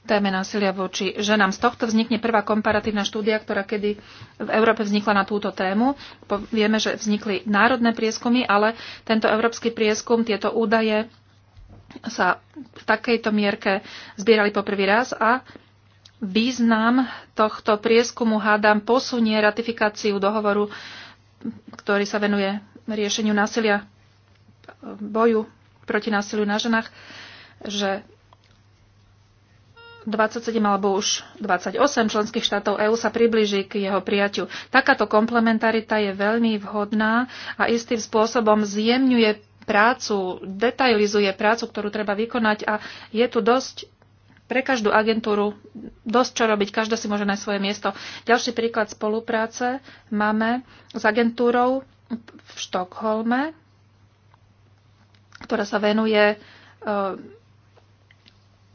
Speaker 3: téme násilia voči ženám. Z tohto vznikne prvá komparatívna štúdia, ktorá kedy v Európe vznikla na túto tému. Vieme, že vznikli národné prieskumy, ale tento európsky prieskum, tieto údaje sa v takejto mierke zbierali poprvý raz a význam tohto prieskumu hádam posunie ratifikáciu dohovoru, ktorý sa venuje riešeniu násilia, boju proti násiliu na ženách, že 27 alebo už 28 členských štátov EÚ sa približí k jeho prijaťu. Takáto komplementarita je veľmi vhodná a istým spôsobom zjemňuje prácu, detailizuje prácu, ktorú treba vykonať a je tu dosť pre každú agentúru dosť čo robiť, každá si môže na svoje miesto. Ďalší príklad spolupráce máme s agentúrou v Štokholme, ktorá sa venuje e,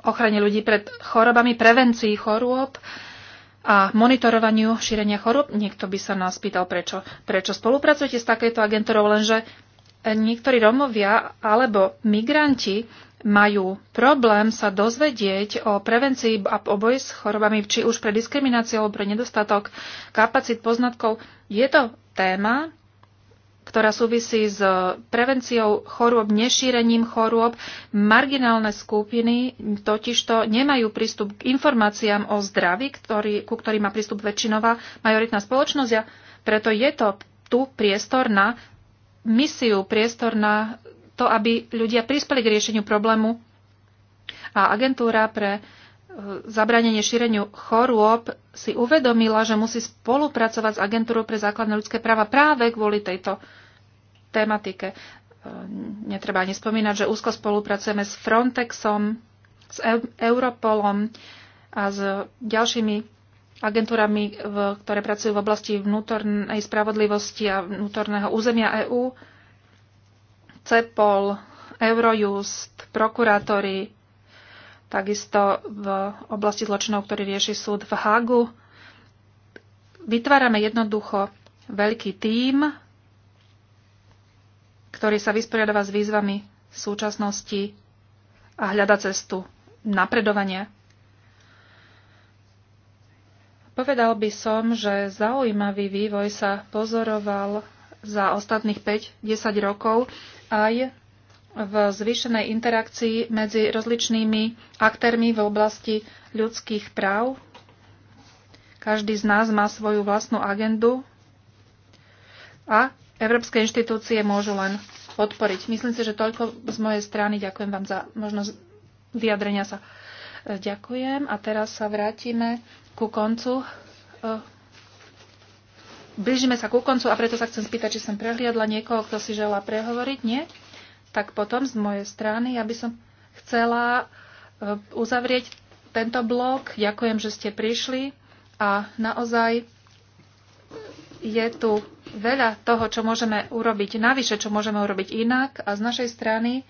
Speaker 3: ochrane ľudí pred chorobami, prevencii chorôb a monitorovaniu šírenia chorób. Niekto by sa nás pýtal, prečo, prečo spolupracujete s takejto agentúrou, lenže niektorí Romovia alebo migranti majú problém sa dozvedieť o prevencii a o boji s chorobami, či už pre diskrimináciu alebo pre nedostatok kapacít, poznatkov. Je to téma, ktorá súvisí s eh, prevenciou chorôb, nešírením chorôb. Marginálne skupiny totižto nemajú prístup k informáciám o zdraví, ktorý, ku ktorým má prístup väčšinová majoritná spoločnosť a preto je to tu priestor na misiu, priestor na to, aby ľudia prispeli k riešeniu problému a agentúra pre E, zabranenie šíreniu chorôb si uvedomila, že musí spolupracovať s agentúrou pre základné ľudské práva práve kvôli tejto tematike. E, netreba ani spomínať, že úzko spolupracujeme s Frontexom, s e, Europolom a s ďalšími agentúrami, ktoré pracujú v oblasti vnútornej spravodlivosti a vnútorného územia EÚ, CEPOL, Eurojust, prokurátory, takisto v oblasti zločinov, ktorý rieši súd v Hagu. Vytvárame jednoducho veľký tím, ktorý sa vysporiadáva s výzvami súčasnosti a hľada cestu napredovania. Povedal by som, že zaujímavý vývoj sa pozoroval za ostatných 5-10 rokov aj v zvýšenej interakcii medzi rozličnými aktérmi v oblasti ľudských práv. Každý z nás má svoju vlastnú agendu a európske inštitúcie môžu len podporiť. Myslím si, že toľko z mojej strany. Ďakujem vám za možnosť vyjadrenia sa. Ďakujem a teraz sa vrátime ku koncu. Blížime sa ku koncu a preto sa chcem spýtať, či som prehliadla niekoho, kto si želá prehovoriť. Nie? tak potom z mojej strany ja by som chcela eh, uzavrieť tento blok. Ďakujem, že ste prišli a naozaj je tu veľa toho, čo môžeme urobiť navyše, čo môžeme urobiť inak a z našej strany eh,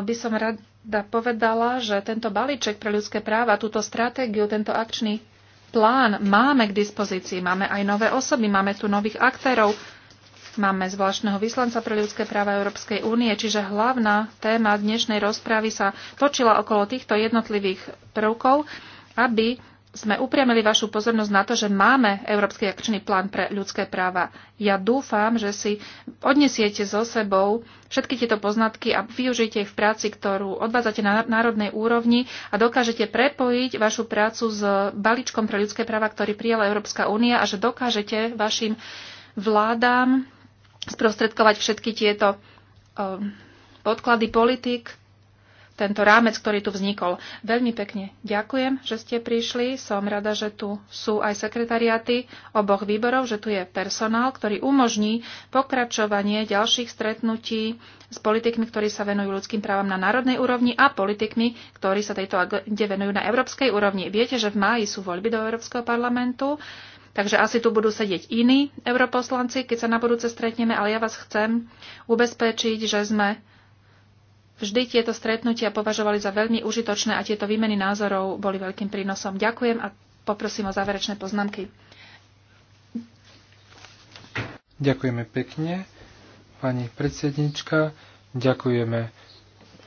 Speaker 3: by som rada povedala, že tento balíček pre ľudské práva, túto stratégiu, tento akčný plán máme k dispozícii. Máme aj nové osoby, máme tu nových aktérov, Máme zvláštneho vyslanca pre ľudské práva Európskej únie, čiže hlavná téma dnešnej rozpravy sa točila okolo týchto jednotlivých prvkov, aby sme upriamili vašu pozornosť na to, že máme Európsky akčný plán pre ľudské práva. Ja dúfam, že si odnesiete so sebou všetky tieto poznatky a využijete ich v práci, ktorú odvádzate na národnej úrovni a dokážete prepojiť vašu prácu s balíčkom pre ľudské práva, ktorý prijala Európska únia a že dokážete vašim vládám sprostredkovať všetky tieto um, podklady politik, tento rámec, ktorý tu vznikol. Veľmi pekne ďakujem, že ste prišli. Som rada, že tu sú aj sekretariáty oboch výborov, že tu je personál, ktorý umožní pokračovanie ďalších stretnutí s politikmi, ktorí sa venujú ľudským právam na národnej úrovni a politikmi, ktorí sa tejto agende venujú na európskej úrovni. Viete, že v máji sú voľby do Európskeho parlamentu. Takže asi tu budú sedieť iní europoslanci, keď sa na budúce stretneme, ale ja vás chcem ubezpečiť, že sme vždy tieto stretnutia považovali za veľmi užitočné a tieto výmeny názorov boli veľkým prínosom. Ďakujem a poprosím o záverečné poznámky.
Speaker 1: Ďakujeme pekne, pani predsednička. Ďakujeme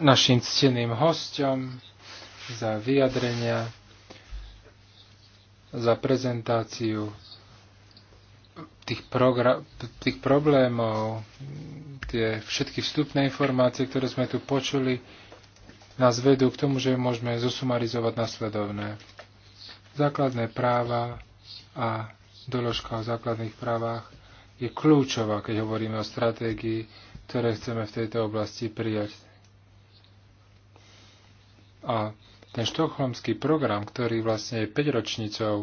Speaker 1: našim cteným hostom za vyjadrenia za prezentáciu tých, tých problémov, tie všetky vstupné informácie, ktoré sme tu počuli, nás vedú k tomu, že môžeme zosumarizovať nasledovné. Základné práva a doložka o základných právach je kľúčová, keď hovoríme o stratégii, ktoré chceme v tejto oblasti prijať. A ten štokholmský program, ktorý vlastne je 5 ročnicou,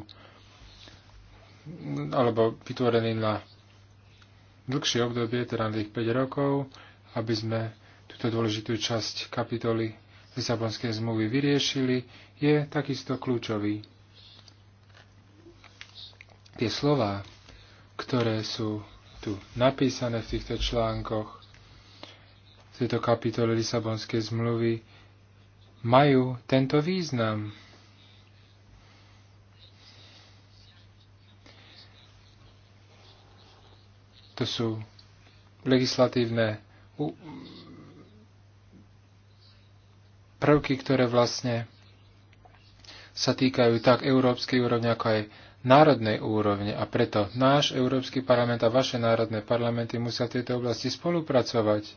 Speaker 1: alebo vytvorený na dlhšie obdobie, teda na tých 5 rokov, aby sme túto dôležitú časť kapitoly Lisabonskej zmluvy vyriešili, je takisto kľúčový. Tie slova, ktoré sú tu napísané v týchto článkoch, v tejto kapitole Lisabonskej zmluvy, majú tento význam. To sú legislatívne prvky, ktoré vlastne sa týkajú tak európskej úrovne, ako aj národnej úrovne. A preto náš Európsky parlament a vaše národné parlamenty musia v tejto oblasti spolupracovať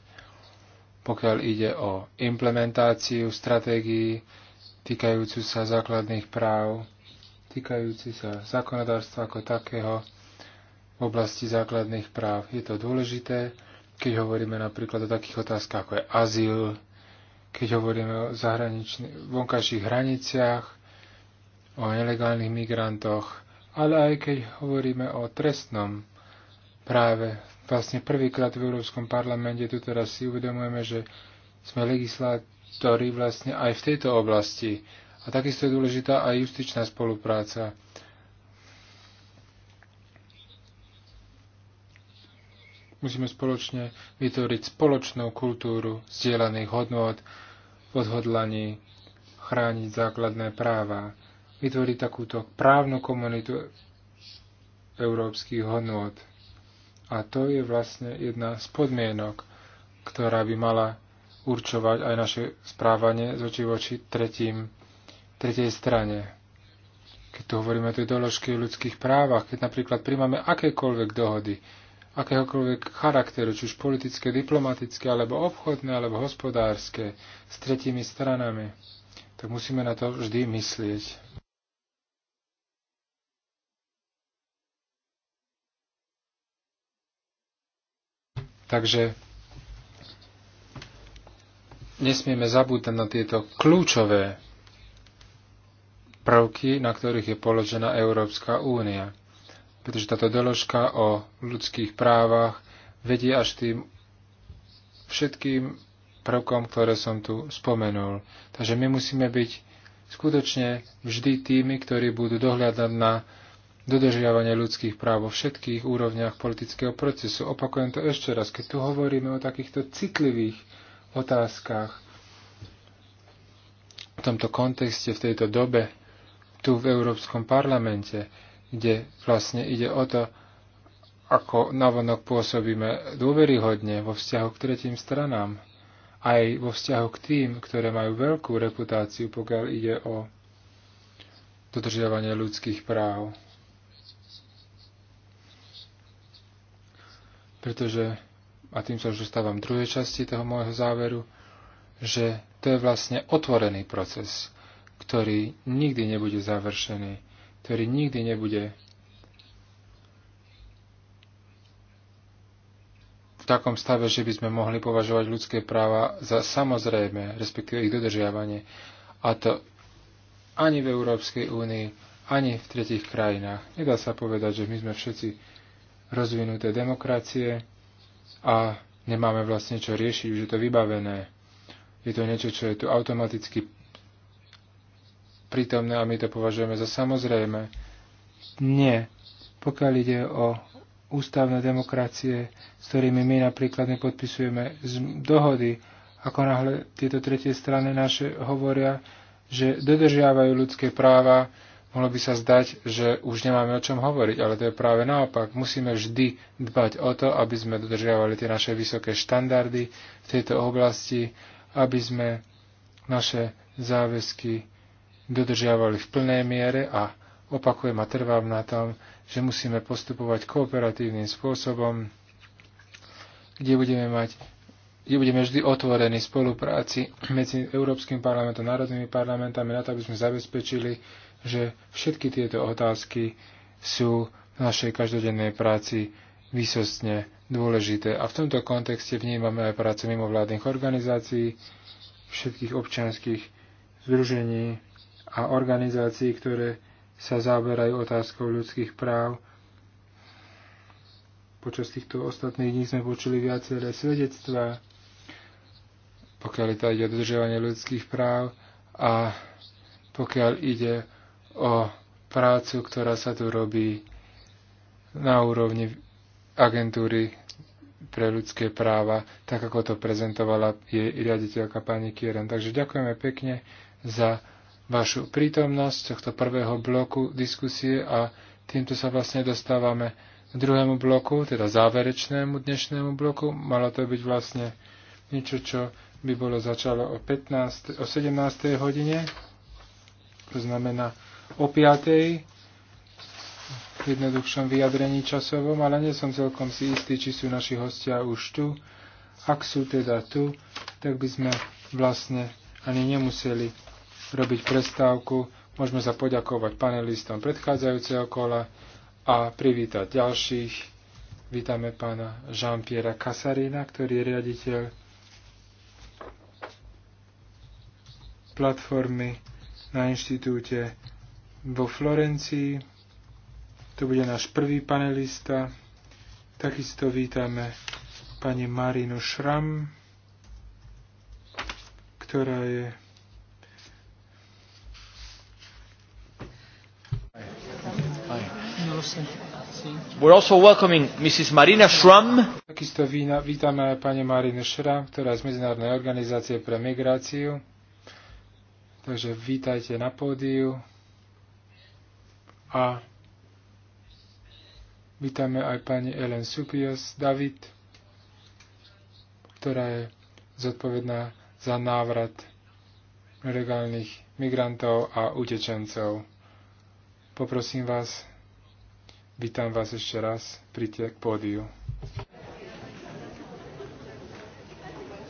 Speaker 1: pokiaľ ide o implementáciu stratégií týkajúcu sa základných práv, týkajúci sa zákonodárstva ako takého v oblasti základných práv. Je to dôležité, keď hovoríme napríklad o takých otázkach ako je azyl, keď hovoríme o vonkajších hraniciach, o nelegálnych migrantoch, ale aj keď hovoríme o trestnom práve vlastne prvýkrát v Európskom parlamente tu teraz si uvedomujeme, že sme legislátori vlastne aj v tejto oblasti. A takisto je dôležitá aj justičná spolupráca. Musíme spoločne vytvoriť spoločnú kultúru zdieľaných hodnot, odhodlaní chrániť základné práva, vytvoriť takúto právnu komunitu európskych hodnot. A to je vlastne jedna z podmienok, ktorá by mala určovať aj naše správanie z očí voči tretím, tretej strane. Keď tu hovoríme o tej doložke o ľudských právach, keď napríklad príjmame akékoľvek dohody, akéhokoľvek charakteru, či už politické, diplomatické, alebo obchodné, alebo hospodárske, s tretími stranami, tak musíme na to vždy myslieť. Takže nesmieme zabúdať na tieto kľúčové prvky, na ktorých je položená Európska únia. Pretože táto doložka o ľudských právach vedie až tým všetkým prvkom, ktoré som tu spomenul. Takže my musíme byť skutočne vždy tými, ktorí budú dohľadať na dodržiavanie ľudských práv vo všetkých úrovniach politického procesu. Opakujem to ešte raz, keď tu hovoríme o takýchto citlivých otázkach v tomto kontexte, v tejto dobe, tu v Európskom parlamente, kde vlastne ide o to, ako navonok pôsobíme dôveryhodne vo vzťahu k tretím stranám, aj vo vzťahu k tým, ktoré majú veľkú reputáciu, pokiaľ ide o dodržiavanie ľudských práv. pretože, a tým sa už dostávam druhej časti toho môjho záveru, že to je vlastne otvorený proces, ktorý nikdy nebude završený, ktorý nikdy nebude v takom stave, že by sme mohli považovať ľudské práva za samozrejme, respektíve ich dodržiavanie. A to ani v Európskej únii, ani v tretich krajinách. Nedá sa povedať, že my sme všetci rozvinuté demokracie a nemáme vlastne čo riešiť, už je to vybavené. Je to niečo, čo je tu automaticky prítomné a my to považujeme za samozrejme. Nie. Pokiaľ ide o ústavné demokracie, s ktorými my napríklad nepodpisujeme dohody, ako náhle tieto tretie strany naše hovoria, že dodržiavajú ľudské práva, Mohlo by sa zdať, že už nemáme o čom hovoriť, ale to je práve naopak. Musíme vždy dbať o to, aby sme dodržiavali tie naše vysoké štandardy v tejto oblasti, aby sme naše záväzky dodržiavali v plnej miere a opakujem a trvám na tom, že musíme postupovať kooperatívnym spôsobom, kde budeme mať kde budeme vždy otvorení spolupráci medzi Európskym parlamentom, a národnými parlamentami, na to, aby sme zabezpečili, že všetky tieto otázky sú v našej každodennej práci výsostne dôležité. A v tomto kontexte vnímame aj prácu mimovládnych organizácií, všetkých občianských združení a organizácií, ktoré sa zaberajú otázkou ľudských práv. Počas týchto ostatných dní sme počuli viaceré svedectvá, pokiaľ ide o dodržovanie ľudských práv a pokiaľ ide o prácu, ktorá sa tu robí na úrovni agentúry pre ľudské práva, tak ako to prezentovala jej riaditeľka pani Kieren. Takže ďakujeme pekne za vašu prítomnosť tohto prvého bloku diskusie a týmto sa vlastne dostávame k druhému bloku, teda záverečnému dnešnému bloku. Malo to byť vlastne niečo, čo by bolo začalo o, 15, o 17. hodine. To znamená, o 5. v jednoduchšom vyjadrení časovom, ale nie som celkom si istý, či sú naši hostia už tu. Ak sú teda tu, tak by sme vlastne ani nemuseli robiť prestávku. Môžeme sa poďakovať panelistom predchádzajúceho kola a privítať ďalších. Vítame pána Jean-Pierre Kasarina, ktorý je riaditeľ platformy na inštitúte vo Florencii. To bude náš prvý panelista. Takisto vítame pani Marinu Šram, ktorá je We're also welcoming Mrs. Marina Schramm. Takisto vítame pani Marinu Schramm, ktorá je z Medzinárodnej organizácie pre migráciu. Takže vítajte na pódiu. A vítame aj pani Ellen Supios David, ktorá je zodpovedná za návrat nelegálnych migrantov a utečencov. Poprosím vás, vítam vás ešte raz, príďte k pódiu.